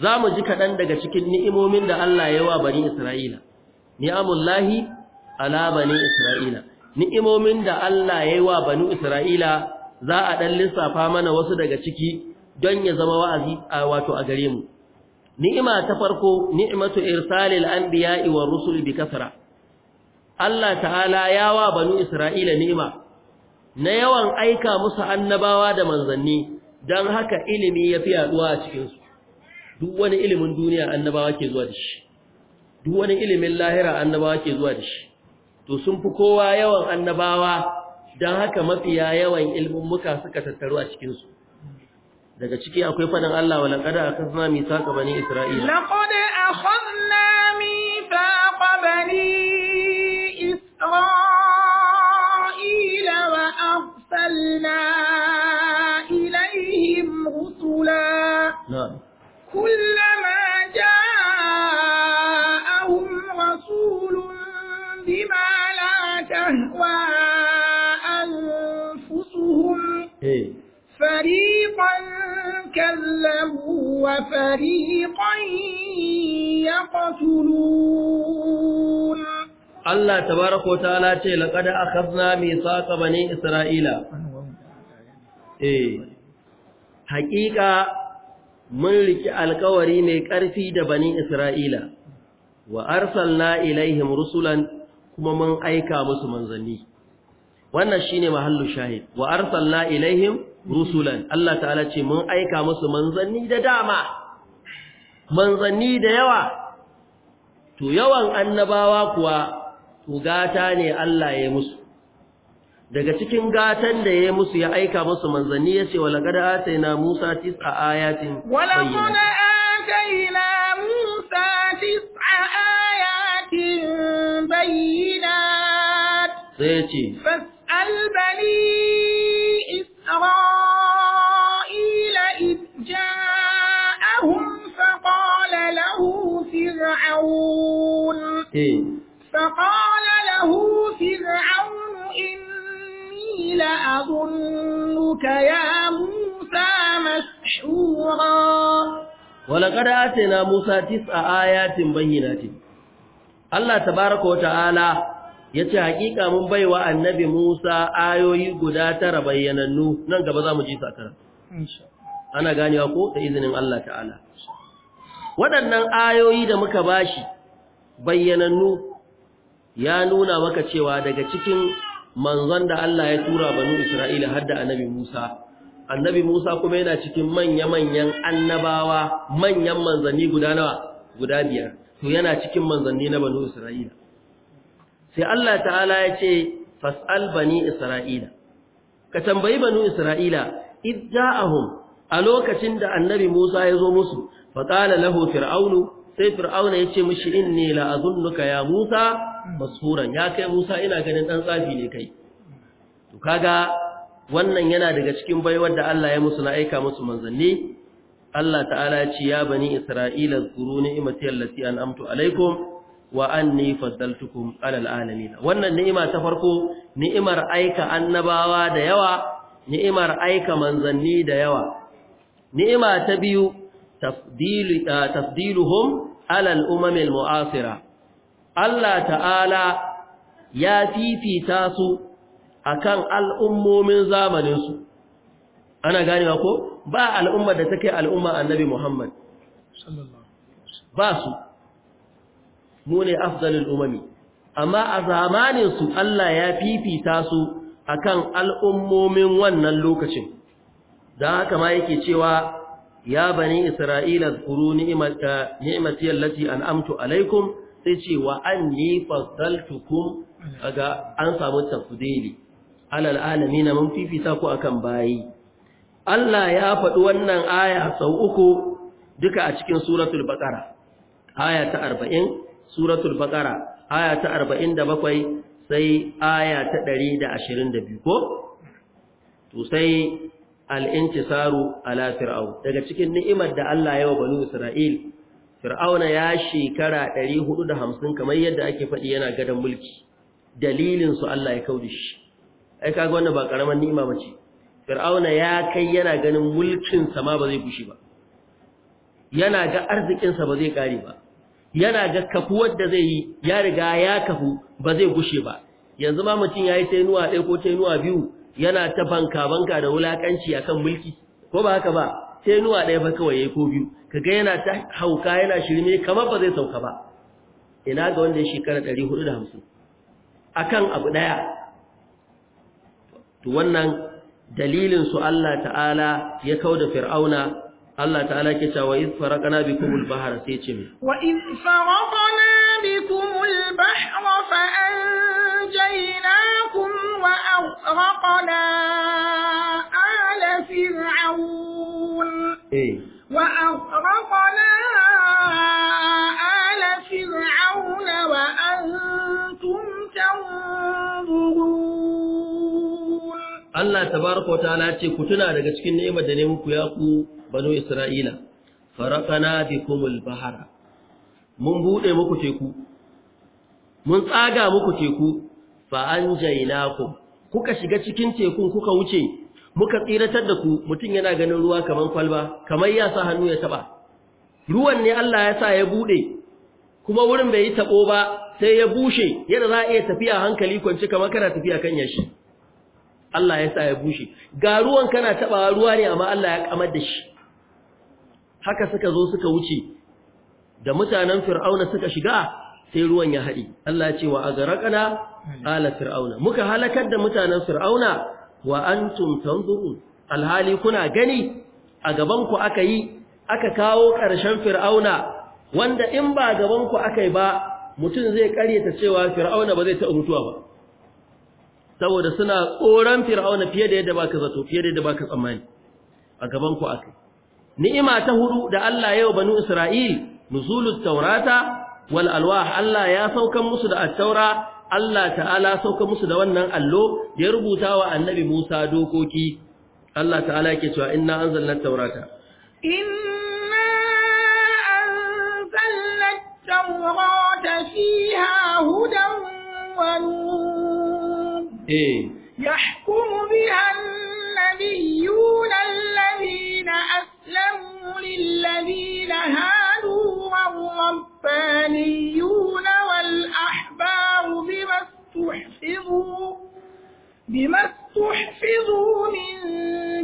za mu ji kaɗan daga cikin ni'imomin da Allah ya wa bani Isra'ila, ni'amullahi ala bani Isra'ila, ni'imomin da Allah ya wa bani Isra'ila za a ɗan lissafa mana wasu daga ciki don ya zama wa'azi a wato a gare mu. Ni'ima ta farko, ni'imatu irsalil an war rusul bi kasara. Allah ta'ala ya wa bani Isra'ila ni'ima na yawan aika musu annabawa da manzanni don haka ilimi ya fi yaduwa a cikinsu duk wani ilimin duniya annabawa ke zuwa da shi duk wani ilimin lahira annabawa ke zuwa da shi to sun fi kowa yawan annabawa don haka mafiya yawan ilimin muka suka tattaru a cikinsu daga ciki akwai faɗin Allah wa laqad akhadna mithaqa bani isra'ila laqad akhadna mithaqa bani isra'ila أرسلنا إليهم رسلا نعم كلما جاءهم رسول بما لا تهوى أنفسهم إيه. فريقا كذبوا وفريقا يقتلون Allah tabaraka wa ta'ala ce laqad akhadna mithaqa bani isra'ila eh haqiqa mun riki alƙawari mai ƙarfi da bani isra'ila wa arsalna ilaihim rusulan kuma mun aika musu manzanni wannan shine mahallu shahid wa arsalna ilaihim rusulan Allah ta'ala ce mun aika musu manzanni da dama manzanni da yawa to yawan annabawa kuwa to gata ne Allah ya musu daga cikin gatan da ya musu ya aika musu manzanni ya ce wala kada ataina Musa tis'a ayatin wala kuna ataina Musa tis'a ayatin bayyinat sai ce fas'al bani walaqad atayna musa tis'a ayatin bayyinatin Allah tabaaraka wa ya yace hakika mun baiwa annabi Musa ayoyi guda tara bayyanannu nan gaba zamu ji sakara insha ana ganewa ko da izinin Allah ta'ala waɗannan ayoyi da muka bashi bayyanannu ya nuna maka cewa daga cikin manzon da Allah ya tura banu Isra'ila har da annabi Musa annabi Musa kuma yana cikin manya-manyan annabawa manyan manzanni guda nawa guda biyar to yana cikin manzanni na banu Isra'ila sai Allah ta'ala ya ce fas'al bani Isra'ila ka tambayi banu Isra'ila idda'ahum a lokacin da annabi Musa ya zo musu qala lahu fir'aunu sai fir'auna ya ce mishi inni la'azunnuka ya Musa masuran ya kai Musa ina ganin dan tsafi ne kai to kaga wannan yana daga cikin baiwar da Allah ya musu na aika musu manzanni Allah ta'ala ya ce ya bani Isra'ila zkuru ni'mati allati an'amtu alaikum wa anni faddaltukum 'alal alamin wannan ni'ima ta farko ni'imar aika annabawa da yawa ni'imar aika manzanni da yawa ni'ima ta biyu tafdilu tafdiluhum 'alal umamin mu'asira Allah ta'ala ya fifita su akan al'ummomin zamaninsu ana ganewa ko ba al'ummar da take al'umma annabi Muhammad ba su mu ne afdalul umami amma a zamaninsu Allah ya fifita su akan al'ummomin wannan lokacin da haka ma yake cewa ya bani isra'ila zkuru eh, ni'mati allati an'amtu alaikum sai ce wa anni fasaltukum ga an samu tafdili alal alamin mun fifita ku akan bayi Allah ya faɗi wannan aya sau uku duka a cikin suratul baqara aya ta 40 suratul baqara aya ta 47 sai aya ta 122 ko to sai al-intisaru ala fir'au daga cikin ni'imar da Allah ya wa banu isra'il fir'auna ya shekara 450 kamar yadda ake faɗi yana gadan mulki dalilin su Allah ya kaudi shi ai kaga wannan ba karaman ni'ima bace fir'auna ya kai yana ganin mulkin sa ma ba zai kushi ba yana ga arzikin sa ba zai kare ba yana ga kafuwar da zai yi ya riga ya kafu ba zai gushe ba yanzu ma mutum yayi tainuwa ɗaya ko tainuwa biyu yana ta banka banka da wulakanci akan mulki ko ba haka ba tainuwa ɗaya ba kawai yayi ko biyu kaga yana ta hauka yana shirme kamar ba zai sauka ba ina ga wanda ya shekara 450 akan abu ɗaya. to wannan dalilin su Allah ta'ala ya da fir'auna Allah ta'ala ke cewa iz faraqna bikumul bahra sai ce mi wa iz faraqna bikumul bahra fa anjaynakum wa aghraqna ala fir'aun eh. wa aghraqna ala fir'aun wa Allah tabaraka wataala ce ku tuna daga cikin ni'imar da ne muku ya ku banu Isra'ila faraqana bikumul bahara mun bude muku teku mun tsaga muku teku fa anjaynakum kuka shiga cikin tekun kuka wuce muka tsiratar da ku mutum yana ganin ruwa kaman kwalba kamar ya sa hannu ya taba ruwan ne Allah ya sa ya bude kuma wurin bai yi taɓo ba sai ya bushe yadda za a iya tafiya hankali kwance kamar kana tafiya kan yashi Allah ya sa ya bushe ga ruwan kana tabawa ruwa ne amma Allah ya kamar da shi haka suka zo suka wuce da mutanen fir'auna suka shiga sai ruwan ya haɗi Allah ya ce wa azraqana ala fir'auna muka halakar da mutanen fir'auna wa antum tanzurun alhali kuna gani a gaban ku aka yi aka kawo ƙarshen fir'auna wanda in ba gabanku ku aka yi ba mutum zai ƙaryata cewa fir'auna ba zai taɓa mutuwa ba saboda suna tsoron fir'auna fiye da yadda baka zato fiye da yadda baka tsammani a gaban ku akai ni'ima ta hudu da Allah yau banu Isra'il nuzulut taurata wal alwah Allah ya saukan musu da at-taura Allah ta'ala saukan musu da wannan allo da ya rubuta wa annabi Musa dokoki Allah ta'ala yake cewa inna anzalna taurata inna anzalna taurata fiha hudan wa nur إيه. يحكم بها النبيون الذين أسلموا للذين هادوا والربانيون والأحبار بما استحفظوا بما استحفظوا من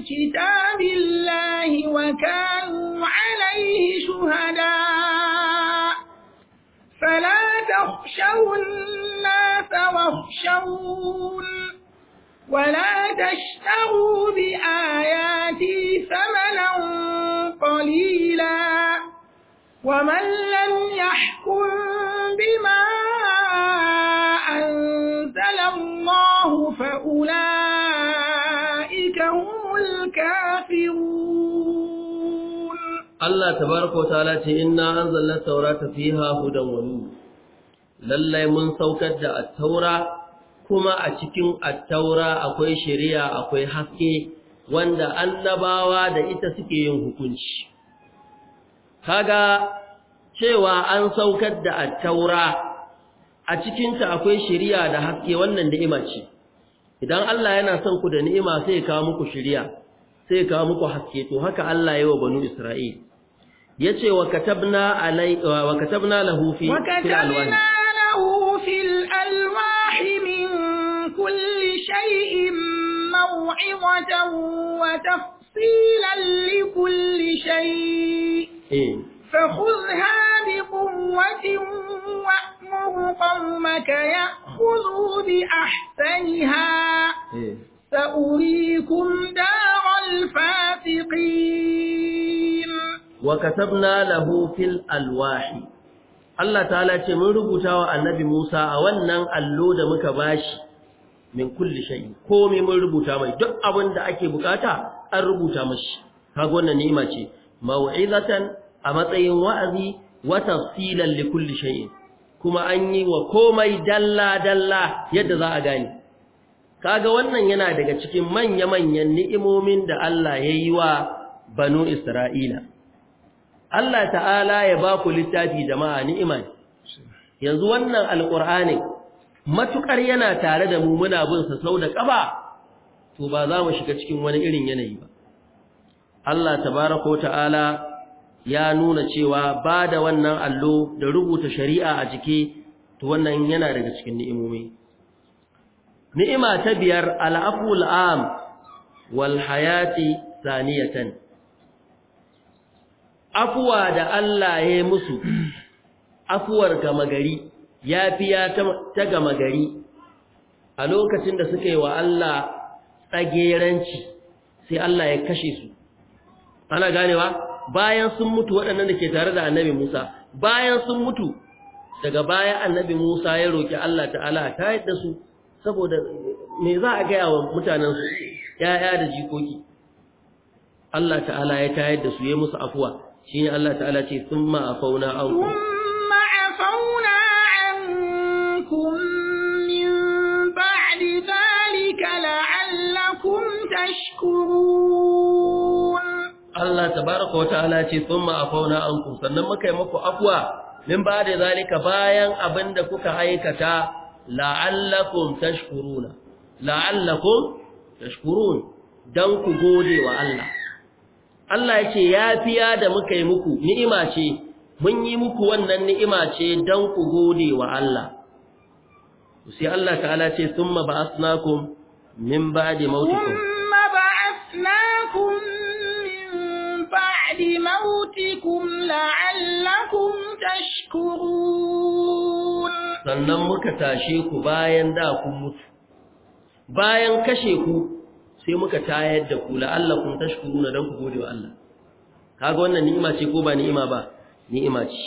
كتاب الله وكانوا عليه شهداء فلا تخشوا الناس واخشون ولا تشتروا بآياتي ثمنا قليلا ومن لم يحكم بما أنزل الله فأولئك Allah ta tabaraka ta ce inna anzalna taurata fiha hudan wa nur lallai mun saukar da at-taura kuma a cikin at-taura akwai shari'a akwai haske wanda annabawa da ita suke yin hukunci kaga cewa an saukar da at-taura a cikin ta akwai shari'a da haske wannan ni'ima ce idan Allah yana son ku da ni'ima sai ya kawo muku shari'a sai ya kawo muku haske to haka Allah ya yi wa banu Isra'il yace وكتبنا katabna alai wa katabna lahu له في الألواح من كل شيء موعظة وتفصيلا لكل شيء إيه. فخذها بقوة وأمر قومك يأخذوا بأحسنها إيه. سأريكم دار wa katabna lahu fil alwahi Allah ta'ala ce mun rubuta wa annabi Musa a wannan allo da muka bashi min kulli shay komai mun rubuta mai duk abin da ake bukata an rubuta mashi kaga wannan ni'ima ce mau'izatan a matsayin wa'azi wa tafsilan li kulli shay kuma an yi wa komai dalla dalla yadda za a gane kaga wannan yana daga cikin manya-manyan ni'imomin da Allah ya yi wa banu Isra'ila Allah ta'ala ya ba ku littafi jama'a ni'ima yanzu wannan alqur'ani matukar yana tare da mu muna bin sa sau da ƙafa, to ba za mu shiga cikin wani irin yanayi ba Allah tabaaraka ta'ala ya nuna cewa ba da wannan allo da rubuta shari'a a jiki to wannan yana daga cikin ni'imomi ni'ima ta biyar al al'aful am wal hayati saniyatan afuwa da Allah ya yi musu afuwar gama gari fiya ta gama gari a lokacin da suka yi wa Allah tsageranci sai Allah ya kashe su ana ganewa bayan sun mutu waɗannan da ke tare da annabi Musa bayan sun mutu daga baya annabi Musa ya roƙi Allah ta'ala ta yadda su saboda me za a gaya wa mutanen su ya'ya da jikoki Allah ta'ala ya tayar da su ya musu afuwa shi ne Allah ta'ala ce sun ma'afauna an ku. ma'afauna an kun min ba'di zalika la'allakum tashkurun. Allah tabaraka wa ta'ala ce sun ma'afauna an ku sannan muka yi maku afuwa min ba'di zalika bayan abin da kuka aikata la'allakum tashkuruna. La'allakum tashkurun dan ku gode wa Allah. Allah ya ce yafiya da muka yi muku ni'ima ce mun yi muku wannan ni'ima ce don ku gode wa Allah sai Allah ta'ala ce summa ba'athnakum min ba'di mautikum summa ba'athnakum min ba'di mautikum la'allakum tashkurun sannan muka tashe ku bayan da kun mutu bayan kashe ku sai muka tayar da ku la'allakum tashkuruna dan ku gode wa Allah kaga wannan ni'ima ce ko ba ni'ima ba ni'ima ce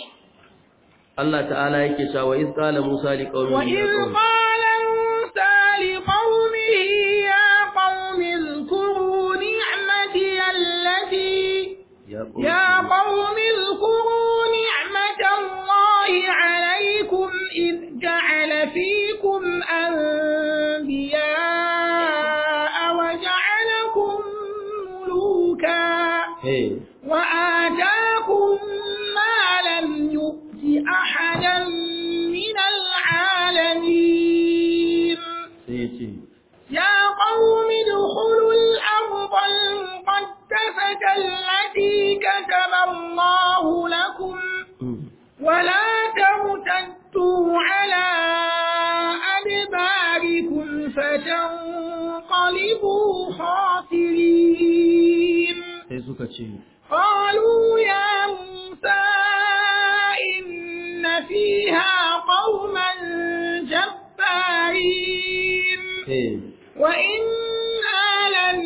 Allah ta'ala yake cewa wa iz qala Musa liqaumihi wa iz qala Musa liqaumihi ya qaumi اذكروا نعمتي التي ya ولا ترتدوا على أدباركم فتنقلبوا خاسرين قالوا يا موسى إن فيها قوما جبارين وإنا لن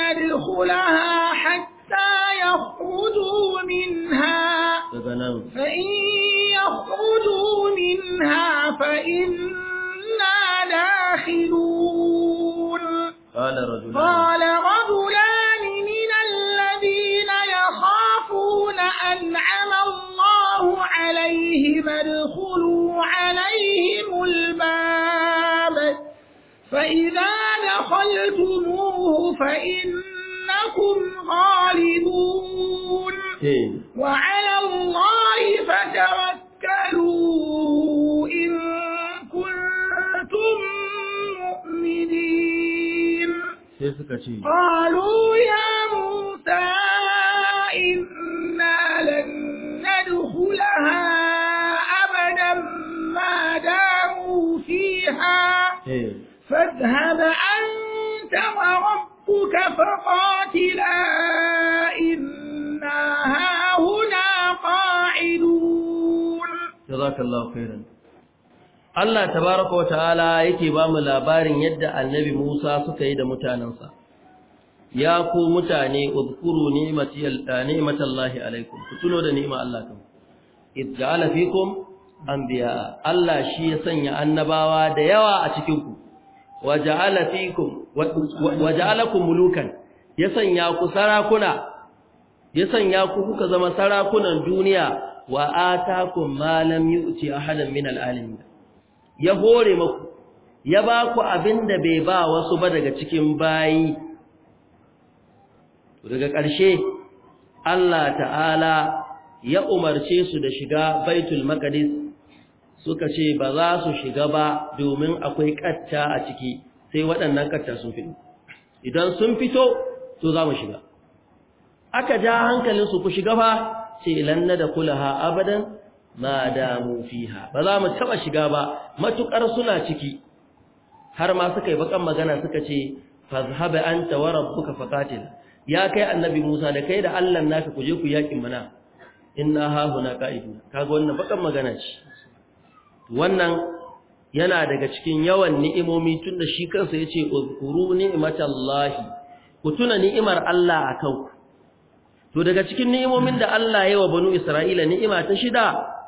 ندخلها حتى يخرجوا منها فإن يخرجوا منها فإنا داخلون قال رجلان قال رجلان من الذين يخافون أنعم الله عليهم ادخلوا عليهم الباب فإذا دخلتموه فإنكم غالبون إيه. وعلى فتوكلوا إن كنتم مؤمنين قالوا يا موسى إنا لن ندخلها أبدا ما داموا فيها إيه. فاذهب أنت وربك فقاتلا jazakallahu khairan Allah tabaraka wa ta'ala yake ba mu labarin yadda annabi Musa suka yi da mutanansa ya ku mutane udkuru ni'mati ni'matallahi alaikum ku tuno da ni'ma Allah kan idjala fikum anbiya Allah shi ya sanya annabawa da yawa a cikin ku waja'ala fikum waja'alakum mulukan ya sanya ku sarakuna ya sanya ku kuka zama sarakunan duniya wa atakum ma lam yu'ti ahadan min al-alamin ya hore maku ya ba ku abinda bai ba wasu ba daga cikin bayi daga ƙarshe Allah ta'ala ya umarce su da shiga baitul maqdis suka ce ba za su shiga ba domin akwai ƙatta a ciki sai waɗannan katta sun fito idan sun fito to za mu shiga aka ja su ku shiga fa? ce lan kulaha abadan ma damu fiha ba za mu taba shiga ba matukar suna ciki har ma suka yi bakan magana suka ce fazhab anta wa rabbuka faqatil ya kai annabi Musa da kai da Allah naka ku je ku yakin mana inna ha huna qa'idun kaga wannan bakan magana ce wannan yana daga cikin yawan ni'imomi tunda shi kansa yace uzkuru ni'matallahi ku tuna ni'imar Allah ku. to daga cikin ni'imomin da Allah ya yi wa banu Isra'ila ni'ima ta shida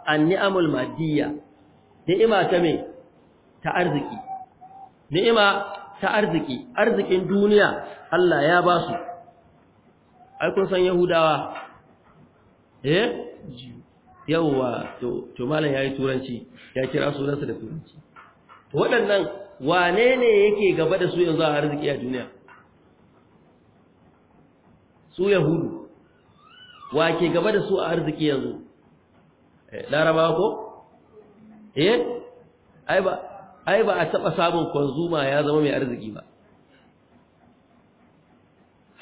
an-ni'amul madiyya ni'ima ta me ta arziki ni'ima ta arziki arzikin duniya Allah ya ba su ai kun san yahudawa eh yawwa to to malam yayi turanci ya kira sunansa da turanci to waɗannan wane ne yake gaba da su yanzu a arziki a duniya su yahudu wa ke gaba da su a arziki yanzu eh, larabawa ko eh ai ba ai ba a taba samun kwanzuma ya zama mai arziki ba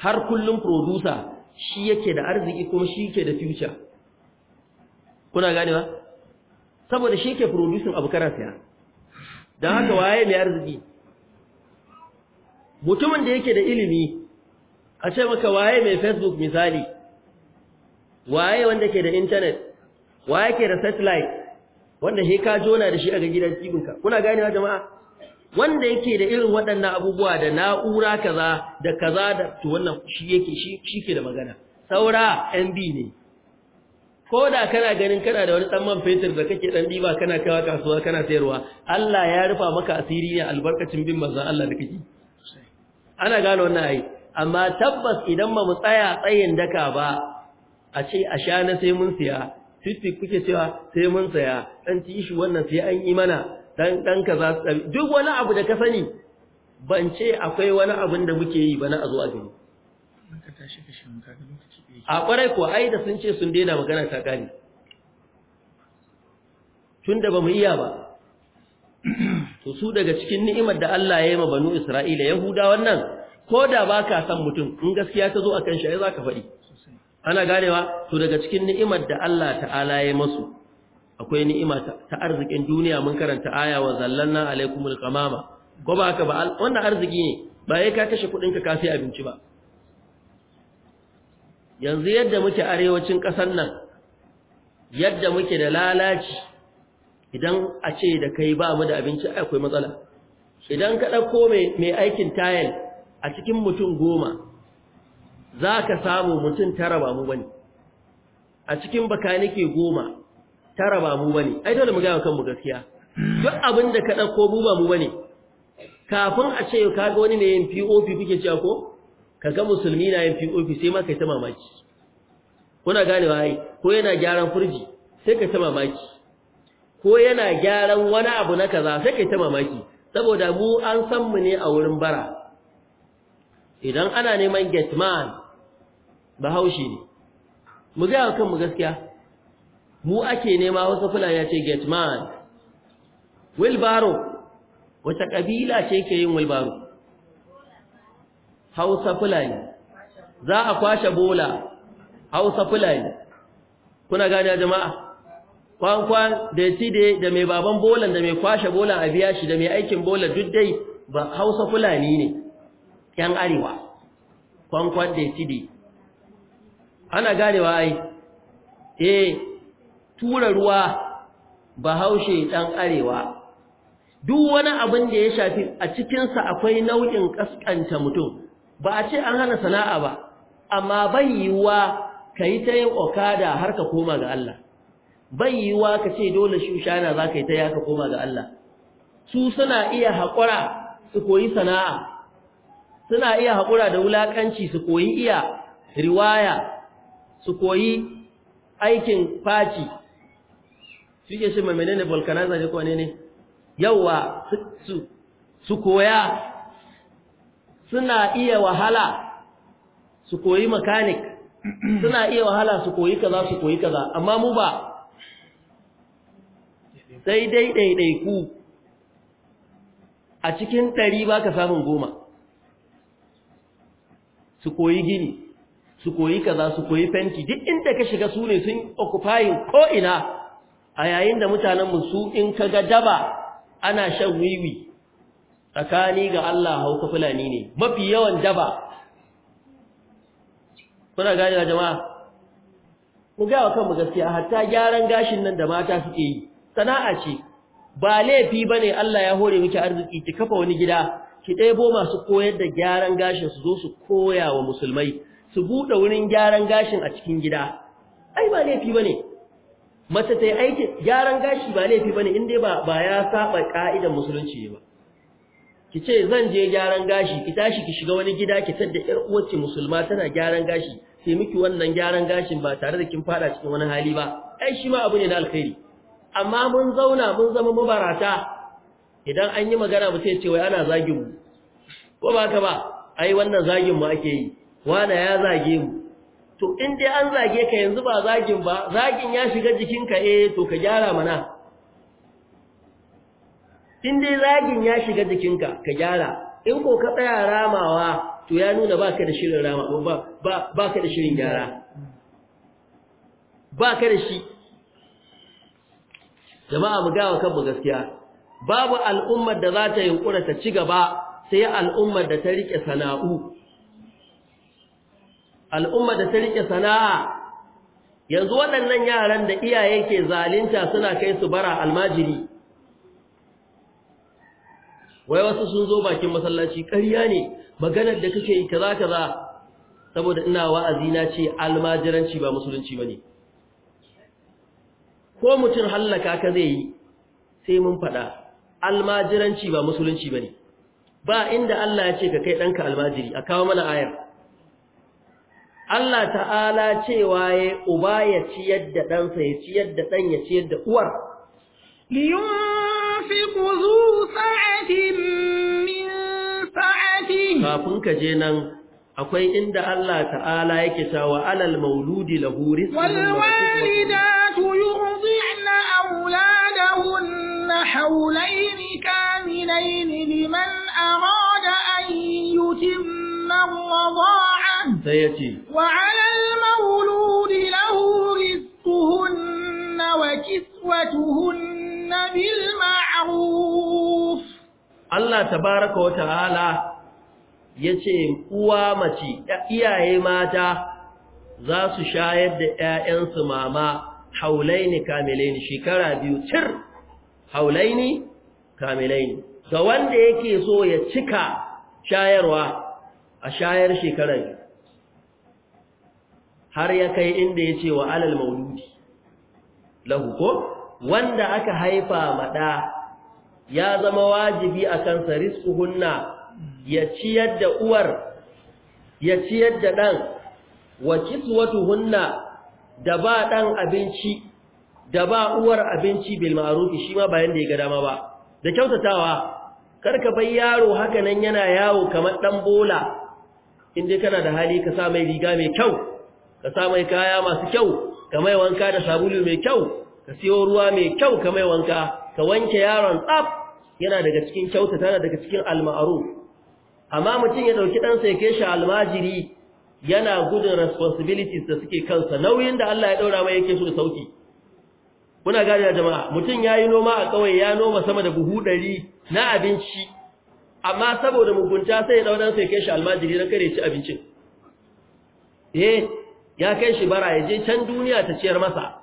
har kullum producer shi yake da arziki kuma shi yake da future kuna ganewa saboda shi yake producing abu kana saya da haka waye mai arziki mutumin da yake da ilimi a ce maka waye mai facebook misali waye wanda ke da internet waye ke da satellite wanda he ka jona da shi a gidan tibinka kuna gane wa jama'a wanda yake da irin waɗannan abubuwa da na'ura kaza da kaza da to wannan shi yake shi shike da magana saura MB ne ko da kana ganin kana da wani dan man fetur da kake dan diba kana kaiwa kasuwa kana sayarwa Allah ya rufa maka asiri ne albarkacin bin manzon Allah da kake ana gane wannan ai amma tabbas idan ba mu tsaya tsayin daka ba a ce a sha na sai mun siya titi kuke cewa sai mun saya dan ci shi wannan sai an yi mana dan dan kaza duk wani abu da ka sani ban ce akwai wani abin da muke yi ba na a zuwa a gani a kwarai ko ai da sun ce sun daina magana ta gani tun da ba mu iya ba to su daga cikin ni'imar da Allah ya yi ma banu Isra'ila Yahuda wannan ko da ba ka san mutum in gaskiya ta zo akan shi ai za ka faɗi ana ganewa to daga cikin ni'imar da Allah ta'ala ya masu akwai ni'ima ta arzikin duniya mun karanta aya wa zallanna alaikumul qamama ko ba haka ba wannan arziki ne ba yai ka kashe kudin ka kafi abinci ba yanzu yadda muke arewacin kasar nan yadda muke da lalaci idan a ce da kai ba mu da abinci akwai matsala idan ka ɗauko mai aikin tayal a cikin mutum goma za ka samu mutum tara ba mu bane a cikin baka nake goma tara ba mu bane ai dole mu gaya kanmu gaskiya duk abin da ka dauko mu ba mu bane kafin a ce ka ga wani ne yin POP kuke cewa ko ka ga musulmi na yin POP sai ma kai ta mamaki kuna ganewa ai ko yana gyaran furji sai kai ta mamaki ko yana gyaran wani abu na kaza sai kai ta mamaki saboda mu an san mu ne a wurin bara idan ana neman Get-Man. bahaushe ne mu ga kanmu gaskiya mu ake nema wasu fulani ya ce get will wilbaro wata kabila ce ke yin wilbaro hausa fulani za a kwashe bola hausa fulani kuna gane jama'a kwankwan da tide da mai baban bolan da mai kwashe bolan a biya shi da mai aikin bola duk dai ba hausa fulani ne yan arewa kwankwan da tide ana ganewa ai eh tura ruwa bahaushe dan arewa duk wani abin da ya shafi a cikin sa akwai nau'in kaskanta mutum ba a ce an hana sana'a ba amma bai yiwuwa ka yi ta yin okada har ka koma ga Allah bai yiwuwa ka ce dole shushana za ka yi ta ka koma ga Allah su suna iya haƙura su koyi sana'a suna iya haƙura da wulaƙanci su koyi iya riwaya su koyi aikin faci su ke shi mai menene volcanizer ne kone ne yawa su koya suna iya wahala su koyi mechanic suna iya wahala su koyi kaza su koyi kaza amma mu ba sai dai ku a cikin ɗari ba ka samun goma su koyi gini su koyi kaza su koyi fenti duk inda ka shiga sune sun occupying ko ina a yayin da mutanen mu su in ka ga daba ana shan wiwi tsakani ga Allah hauka fulani ne mafi yawan daba kuna gani da jama'a mu ga wa mu gaskiya hatta gyaran gashin nan da mata suke yi sana'a ce ba laifi bane Allah ya hore miki arziki ki kafa wani gida ki ɗebo masu koyar da gyaran gashin su zo su koya wa musulmai su buɗe wurin gyaran gashin a cikin gida ai ba laifi ba ne mace ta yi aikin gyaran gashi ba laifi ba ne inda ba ya saba ƙa'idan musulunci ba ki ce zan je gyaran gashi ki tashi ki shiga wani gida ki tadda 'yar uwace musulma tana gyaran gashi sai miki wannan gyaran gashin ba tare da kin fada cikin wani hali ba ai shi ma abu ne na alkhairi amma mun zauna mun zama mabarata idan an yi magana mu sai ce wai ana zagin mu ko ba ka ba ai wannan zagin mu ake yi wane ya zage mu to in dai an zage ka yanzu ba zagin ba zagin ya shiga jikinka eh to ka gyara mana in dai zagin ya shiga jikinka ka gyara in ko ka tsaya ramawa to ya nuna ba ka da shirin rama ba ka da shirin gyara ka da shi jama'a mu gawa kanmu gaskiya babu al'ummar da za ta yunkura ta ci gaba sai al'ummar da ta rike sana'u al'umma da ta rike sana'a yanzu waɗannan yaran da iyaye ke zalunta suna kai su bara almajiri wai wasu sun zo bakin masallaci ƙarya ne maganar da kake yi kaza kaza saboda ina wa'azi na ce almajiranci ba musulunci bane ko mutum hallaka ka zai yi sai mun faɗa almajiranci ba musulunci bane ba inda Allah ya ce ka kai ɗanka almajiri a kawo mana ayar Allah ta'ala cewa ya uba ya ciyar da ɗansa ya ciyar da ɗan ya ciyar da uwar. Liyunfiku zu sa'atin min sa'ati. Kafin ka je nan akwai inda Allah ta'ala yake cewa alal mauludi lahu rizqun wal walidatu yurdi'na liman sai ya ce wa alal mauludi lahu rizquhunna wa bil ma'ruf Allah tabaraka wa ta'ala yace uwa mace iyaye mata za su shayar da 'ya'yansu mama haulaini kamilaini shekara biyu cir haulaini kamilaini ga wanda yake so ya cika shayarwa a shayar shekarar biyu. har ya kai inda ya ce wa alal mauludi lahu ko wanda aka haifa mada ya zama wajibi a kansa rizquhunna ya ciyar da uwar ya ciyar da dan wa kiswatuhunna da ba dan abinci da ba uwar abinci bil ma'arufi shi ma bayan da ya ga dama ba da kyautatawa karka bai yaro haka nan yana yawo kamar ɗan bola in dai kana da hali ka sa mai riga mai kyau ka sa mai kaya masu kyau ka mai wanka da sabulu mai kyau ka siyo ruwa mai kyau ka mai wanka ka wanke yaron tsaf yana daga cikin kyauta tana daga cikin alma'aru amma mutum ya ɗauki ɗansa ya kai shi almajiri yana gudun responsibilities da suke kansa nauyin da Allah ya ɗaura mai yake su da sauki kuna gane jama'a mutum ya yi noma a kauye ya noma sama da buhu ɗari na abinci amma saboda mugunta sai ya daudan ya kai shi almajiri na kare ci abincin eh ya kai shi bara ya je can duniya ta ciyar masa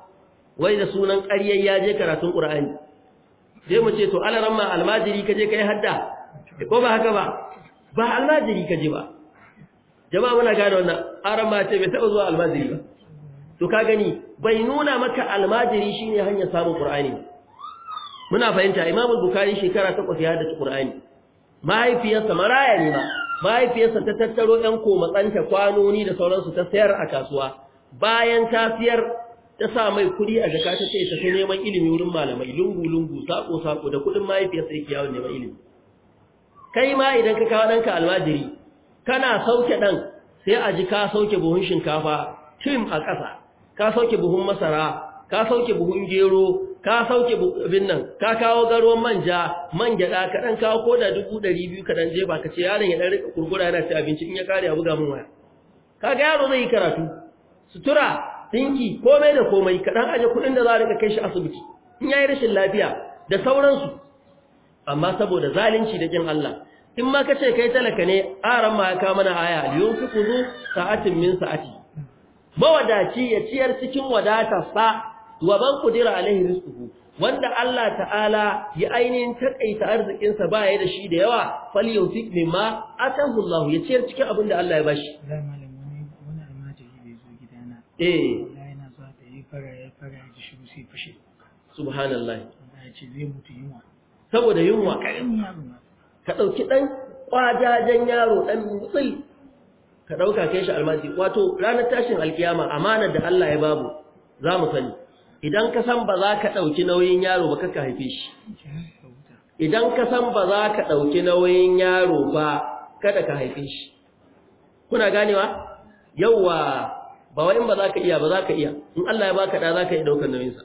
wai da sunan ƙaryar ya je karatun ƙura'ani sai mu ce to alaran ma almajiri ka je ka yi hadda ko ba haka ba ba almajiri ka je ba jama'a muna gane wannan aran ma ce bai taɓa zuwa almajiri ba to ka gani bai nuna maka almajiri shine hanyar samun ƙura'ani muna fahimta imamu bukari shekara takwas ya haddace ƙura'ani mahaifiyarsa maraya ne ba mahaifiyarsa ta tattaro ɗan komatsanta kwanoni da sauransu ta sayar a kasuwa bayan ta siyar ta sa mai kuɗi a jaka ta ce ta sai neman ilimi wurin malamai lungu-lungu saƙo-saƙo da kuɗin mahaifiyarsa yake yawon neman ilimi kai ma idan ka kawo ɗanka almajiri kana sauke ɗan sai a ji ka sauke buhun shinkafa tim a ƙasa ka sauke buhun masara ka sauke buhun gero ka sauke bin nan ka kawo garwan manja man gyada ka dan kawo koda 200 ka dan jefa ka ce yaron ya dan rika kurkura yana ci abinci in ya kare ya buga mun waya kaga yaro zai yi karatu sutura dinki komai da komai ka dan aje kudin da za a rika kai shi asibiti in yayi rashin lafiya da sauransu amma saboda zalunci da kin Allah in ma kace kai talaka ne aran ma ka mana aya yunfiqu sa'atin min sa'ati mawadaci ya ciyar cikin sa' wa ban qudira alaihi rizquhu wanda Allah ta'ala ya ainihin takaita arzikinsa ba ya da shi da yawa falyunfik mimma atahu Allah ya ciyar cikin abin da Allah ya bashi da malam wani wani almajiri da zo gidana eh Allah yana zuwa da yi fara ya fara ji shi sai fashe subhanallahi Allah ya ce zai mutu yunwa saboda yunwa ka dauki dan kwajajen yaro dan mutsil ka dauka kai shi almajiri wato ranar tashin alkiyama amana da Allah ya babu za mu sani idan ka san ba za ka ɗauki nauyin yaro ba kaka haife shi idan ka san ba za ka ɗauki nauyin yaro ba kada ka haife shi kuna ganewa yauwa ba wa, in ba za ka iya ba za ka iya in Allah ya baka da za ka iya ɗaukar nauyinsa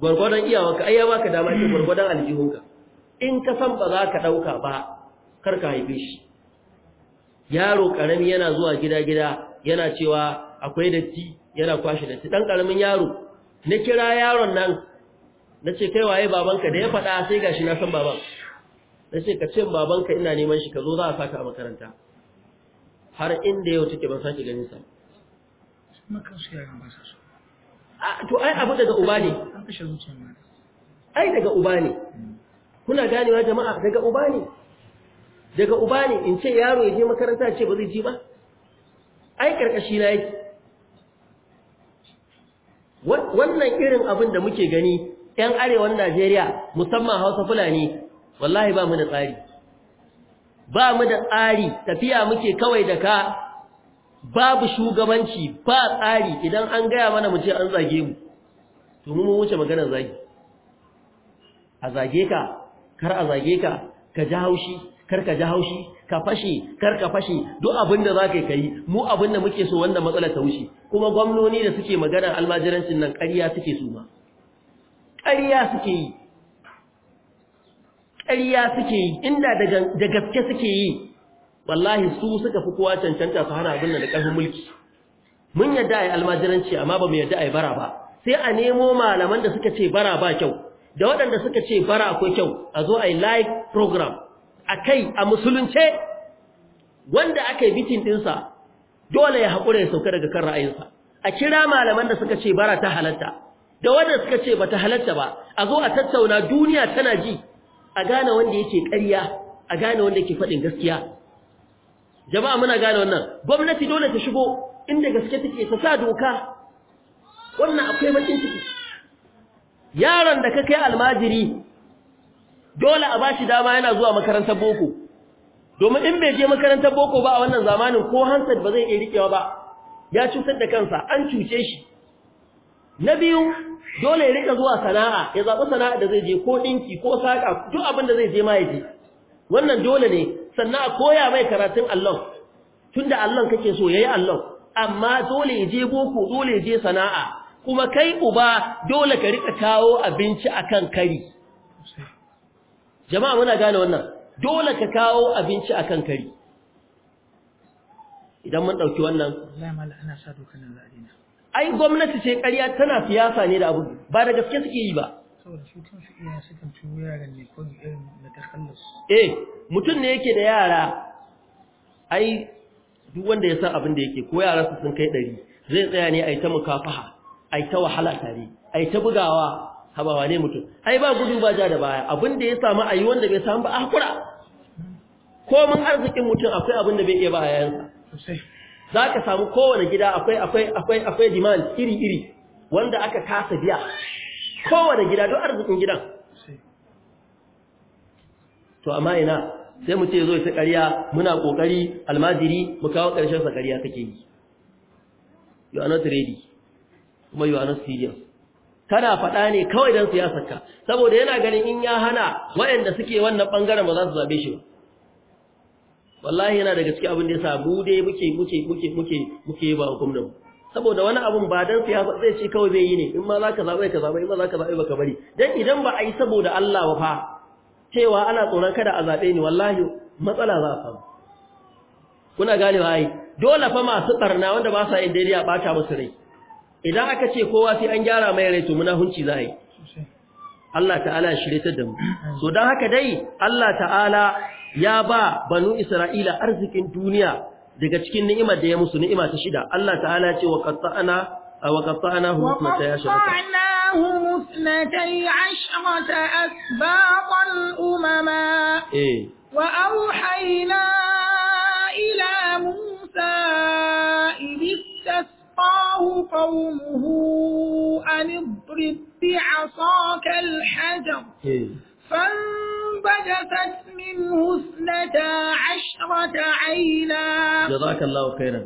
gwargwadon iyawarka ai ya baka dama ce gwargwadon aljihunka in ka san ba za ka ɗauka ba kar ka haife shi yaro ƙarami yana zuwa gida-gida yana cewa akwai datti yana kwashe datti ɗan ƙaramin yaro na kira yaron nan na ce kai waye babanka da ya faɗa sai gashi na san baban na ce ka ce babanka ina neman shi ka zo za a saka a makaranta har inda yau take ban sake ganin sa to ai abu daga uba ne ai daga uba ne kuna ganewa jama'a daga uba ne daga uba ne in ce yaro ya je makaranta ce ba zai ji ba ai karkashi na yake wannan irin abin da muke gani ‘yan arewan Najeriya musamman Hausa Fulani wallahi ba mu da tsari ba mu da tsari tafiya muke kawai da ka babu shugabanci ba tsari idan an gaya mana mu ce an zage mu to mu wuce maganar zagi a zage ka kar a zage ka ka ji haushi karka ji haushi ka fashe karka ka fashe duk abin da zaka kai mu abin da muke so wannan matsala ta wuce kuma gwamnoni da suke magana almajirancin nan ƙarya suke su ma ƙarya suke yi ƙarya suke yi inda da gaske suke yi wallahi su suka fi kowa cancanta su hana abin da ƙarfin mulki mun yadda ai almajiranci amma ba mu yadda ai bara ba sai a nemo malaman da suka ce bara ba kyau da waɗanda suka ce bara akwai kyau a zo ai live program a kai a musulunce wanda aka yi bitin ɗinsa dole ya haƙura ya sauka daga kan ra'ayinsa a kira malaman da suka ce bara ta halatta da wanda suka ce ba ta halatta ba a zo a tattauna duniya tana ji a gane wanda yake ƙarya a gane wanda yake faɗin gaskiya jama'a muna gane wannan gwamnati dole ta shigo inda gaske take ta sa doka wannan akwai bakin ciki yaron da ka kai almajiri dole a bashi dama yana zuwa makarantar boko domin in bai je makarantar boko ba a wannan zamanin ko hansar ba zai iya rikewa ba ya cutar da kansa an cuce shi na biyu dole ya rika zuwa sana'a ya zaɓi sana'a da zai je ko ɗinki ko saƙa duk abin da zai je ma ya je wannan dole ne sannan a koya mai karatun allon tunda allon kake so ya yi allon amma dole ya je boko dole ya je sana'a kuma kai uba dole ka rika kawo abinci akan kari jama'a muna gane wannan dole ka kawo abinci a kan kari idan mun dauki wannan ai gwamnati ce ƙarya tana siyasa ne da abu ba da gaske suke yi ba eh mutum ne yake da yara ai duk wanda ya san abin da yake ko su sun kai ɗari zai tsaya ne a ta mukafaha a ta wahala tare a ta bugawa haba wane mutum ai ba gudu ba ja da baya abin da ya samu ayi wanda bai samu ba a hakura mun arzikin mutum akwai abin da bai iya ba yayansa za ka samu kowane gida akwai akwai akwai akwai demand iri iri wanda aka kasa biya kowane gida don arzikin gidan to amma ina sai mu ce zo ta ƙarya muna kokari almajiri mu kawo ƙarshen sa ƙarya kake yi you are not ready kuma you are not serious kana faɗa ne kawai don siyasarka saboda yana ganin in ya hana waɗanda suke wannan ɓangaren ba za su zaɓe shi ba wallahi yana daga cikin abin da ya sa mu dai muke muke muke muke muke ba hukumdan mu saboda wani abun ba dan siyasa zai ce kawai zai yi ne in ma za ka zabe ka zabe in ma za zaɓe zabe ka bari dan idan ba a yi saboda Allah ba fa cewa ana tsoron kada a zabe ni wallahi matsala za a samu kuna ganewa ai dole fa masu barna wanda ba sa yin daidai a ɓata musu rai idan aka ce kowa sai an gyara mai rai to munahunci za a yi Allah ta'ala ya shirita da mu so don haka dai Allah ta'ala ya ba banu Isra'ila arzikin duniya daga cikin ni'imar da ya musu ni'ima ta shida Allah ta'ala ya ce wa qatta'ana wa qatta'ana hum ya sharaka لهم اثنتي عشرة أسباطا أمما إيه؟ وأوحينا إلى موسى له قومه أن اضرب بعصاك الحجر فانبجست منه اثنتا عشرة عينا جزاك الله خيرا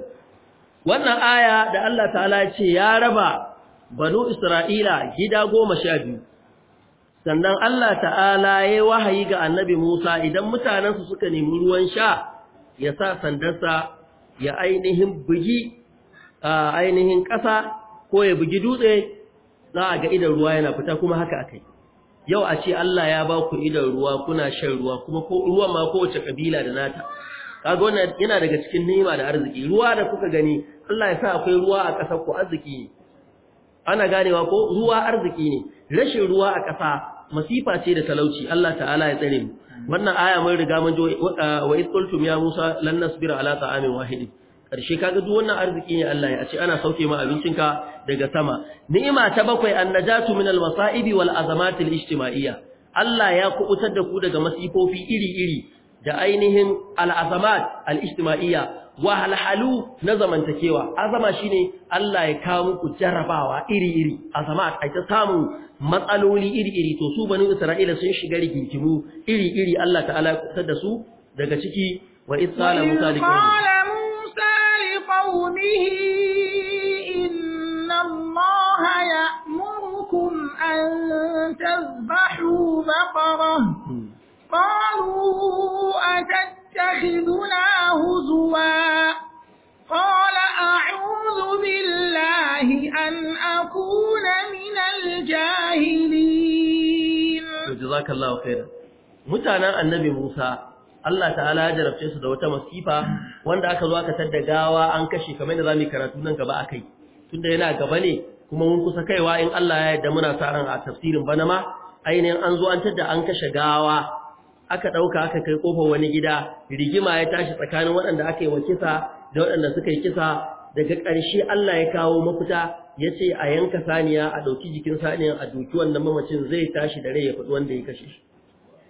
wannan aya da Allah ta'ala ce ya raba banu Isra'ila gida goma sha biyu sannan Allah ta'ala ya wahayi ga annabi Musa idan mutanensu suka nemi ruwan sha ya sa sandarsa ya ainihin bugi ainihin ƙasa ko ya bugi dutse za a ga idan ruwa yana fita kuma haka akai yau a ce Allah ya ba ku idan ruwa kuna shan ruwa kuma ko ruwa ma kowace kabila da nata kaga wannan yana daga cikin ni'ima da arziki ruwa da kuka gani Allah ya sa akwai ruwa a ƙasar ku arziki ne. ana ganewa ko ruwa arziki ne rashin ruwa a ƙasa masifa ce da talauci Allah ta'ala ya tsare mu wannan aya mun riga mun jo wa isqultum ya Musa lan nasbira ala ta'amin wahidin karshe kaga duk wannan arziki ne Allah ya ce ana sauke ma abincinka daga sama ni'ima ta bakwai annajatu min almasaibi wal azamat alijtimaiya Allah ya kubutar da ku daga masifofi iri-iri da ainihin al'azamat alijtimaiya wahalhalu na zamantakewa azama shine Allah ya kawo muku jarrabawa iri-iri azamat ai ta samu matsaloli iri-iri to su banu Isra'ila sun shiga rigingimu iri-iri Allah ta'ala ya kubutar da su daga ciki wa isala musa به إن الله يأمركم أن تذبحوا بقرة قالوا أتتخذنا هزوا قال أعوذ بالله أن أكون من الجاهلين جزاك الله خيرا متانا النبي موسى Allah ta'ala ya jarabce su da wata masifa wanda aka zo aka tadda gawa an kashe kamar da za mu karatu nan gaba akai tunda yana gaba ne kuma mun kusa kaiwa in Allah ya yarda muna sa ran a tafsirin bana ma ainihin an zo an tadda an kashe gawa aka dauka aka kai kofar wani gida rigima ya tashi tsakanin waɗanda aka yi wa kisa da waɗanda suka yi kisa daga ƙarshe Allah ya kawo mafita ya ce a yanka saniya a ɗauki jikin saniya a duki wannan mamacin zai tashi da rai ya faɗi wanda ya kashe shi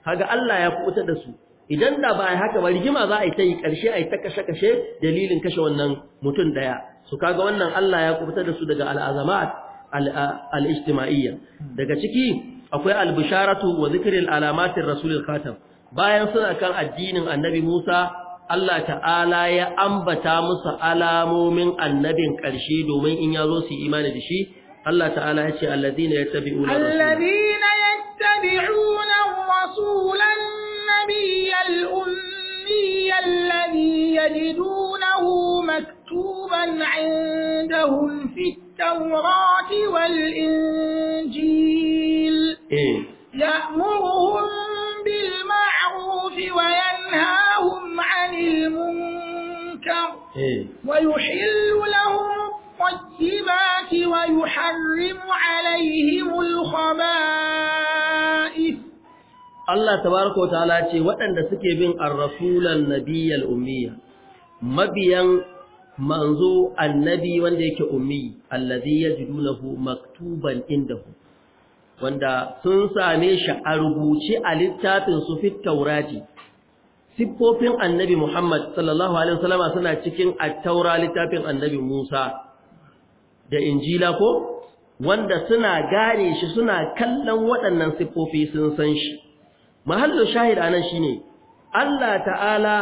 kaga Allah ya kuɓuta da su idan da ba a haka ba rigima za a yi ta yi ƙarshe a yi ta kashe-kashe dalilin kashe wannan mutum ɗaya su kaga wannan Allah ya kubuta da su daga al'azamat al'ijtima'iyya daga ciki akwai albisharatu wa zikirin alamatin rasulul khatam bayan suna kan addinin annabi musa Allah ta'ala ya ambata musu alamomin annabin ƙarshe domin in ya zo su imani da shi Allah ta'ala ya ce allazina yattabi'una rasulan النبي الأمي الذي يجدونه مكتوبا عندهم في التوراة والإنجيل إيه. يأمرهم بالمعروف وينهاهم عن المنكر إيه. ويحل لهم الطيبات ويحرم عليهم الخبائث Allah tabaraka wa ta'ala ce waɗanda suke bin ar-rasulan nabiyyal ummiya mabiyan manzo annabi wanda yake ummi allazi yajidunahu maktuban indahu wanda sun same shi a rubuce a littafin su fit taurati siffofin annabi Muhammad sallallahu alaihi wasallama suna cikin at-taura littafin annabi Musa da injila ko wanda suna gane shi suna kallon waɗannan siffofi sun san shi mahallin shahid anan shine Allah ta'ala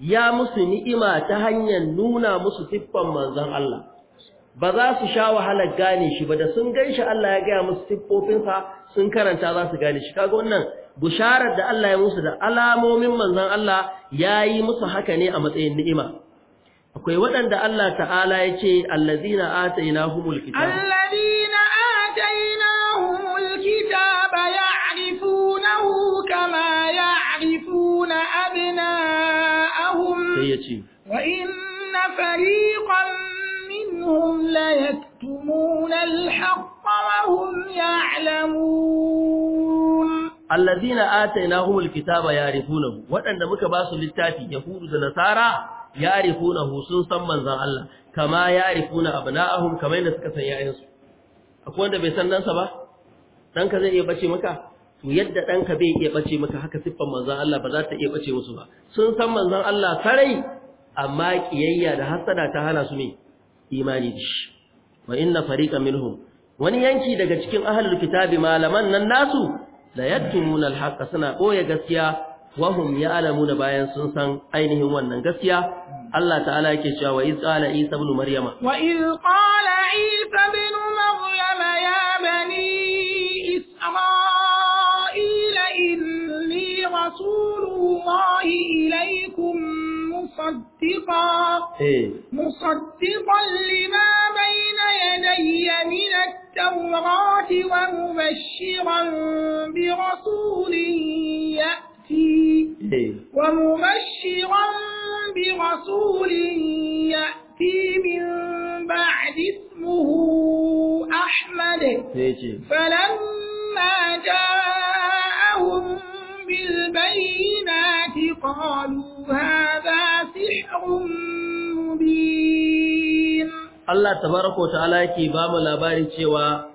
ya musu ni'ima ta hanyar nuna musu siffan manzon Allah ba za su sha wahalar gane shi ba da sun ganshi Allah ya gaya musu sa sun karanta za su gane shi kaga wannan busharar da Allah ya musu da alamomin manzon Allah yayi musu haka ne a matsayin ni'ima akwai waɗanda Allah ta'ala yace ce allazina atainahumul kitab allazina ataina ce wa inna fariqan minhum la yaktumuna al-haqq wa hum ya'lamun allazina atainahumul kitaba ya'rifunahu wadanda muka ba su littafi ya yahudu da nasara ya ya'rifunahu sun san manzon Allah kama ya ya'rifuna abna'ahum kamar yadda suka san yayansu akwai wanda bai san dansa ba danka zai iya bace maka yadda ɗanka bai iya ɓace maka haka siffan manzan Allah ba za ta iya ɓace musu ba sun san manzan Allah sarai amma ƙiyayya da hasada ta hana su ne imani da shi wa inna fariqan minhum wani yanki daga cikin ahlul kitabi malaman nan nasu la yaktumuna al suna ɓoye gaskiya wahum ya'lamuna bayan sun san ainihin wannan gaskiya Allah ta'ala yake cewa wa iz qala isa ibn maryama wa iz qala isa ibn مصدقا إيه. مصدقا لما بين يدي من التوراة ومبشرا برسول يأتي إيه. ومبشرا برسول Allah ta tabaraka ta'ala yake ba mu labari cewa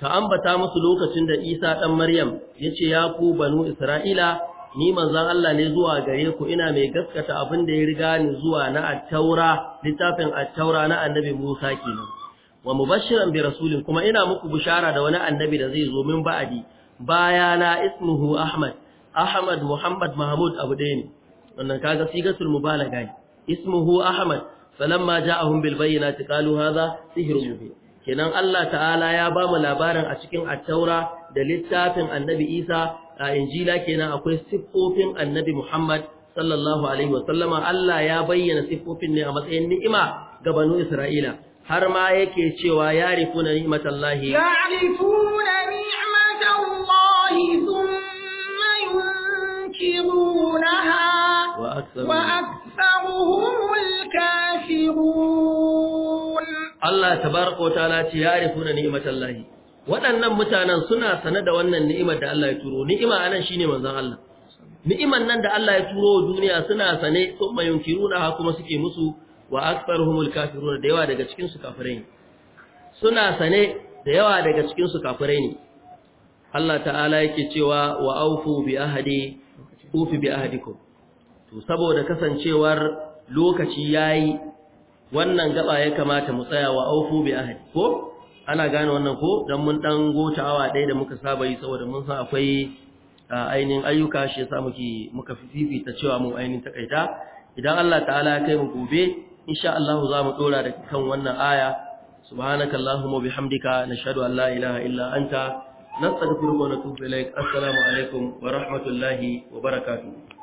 ka ambata musu lokacin da Isa dan Maryam yace ya ku banu Isra'ila ni manzon Allah ne zuwa gare ku ina mai gaskata abin da ya riga ni zuwa na at-taura littafin at-taura na annabi Musa kenan wa mubashiran bi rasulin kuma ina muku bishara da wani annabi da zai zo min ba'adi bayana ismuhu Ahmad Ahmad Muhammad Mahmud abu ɗaya wannan kaga sigatul mubalaga ismuhu Ahmad falamma ja'ahum bil bayyinati qalu hadha sihrun mubin kenan Allah ta'ala ya ba mu labarin a cikin at-taura da littafin annabi Isa a injila kenan akwai siffofin annabi Muhammad sallallahu alaihi wasallama Allah ya bayyana siffofin ne a matsayin ni'ima ga banu Isra'ila har ma yake cewa ya rifuna ni'matallahi ya rifuna ni'matallahi thumma yunkirunaha wa aktsaru أكثرهم الكافرون الله تبارك وتعالى يعرفون نعمة الله waɗannan mutanen suna sane da wannan ni'imar da Allah ya turo ni'ima anan shine manzon Allah ni'iman nan da Allah ya turo duniya suna sane thumma yunkiruna ha kuma suke musu wa aktsaruhumul kafirun da yawa daga cikin su kafirai suna sane da yawa daga cikin su kafirai ne Allah ta'ala yake cewa wa aufu bi ahadi ufi bi ko. to saboda kasancewar lokaci yayi wannan gaba ya kamata mu tsaya wa aufu bi ahdi ko ana gane wannan ko dan mun dan gota awa ɗaya da muka saba yi saboda mun san akwai ainihin ayyuka shi yasa muke muka ta cewa mu ainihin takaita idan Allah ta'ala ya kai mu gobe insha Allah za mu dora da kan wannan aya subhanakallahumma bihamdika nashhadu an la ilaha illa anta نستغفرك ونتوب إليك السلام عليكم ورحمة wa وبركاته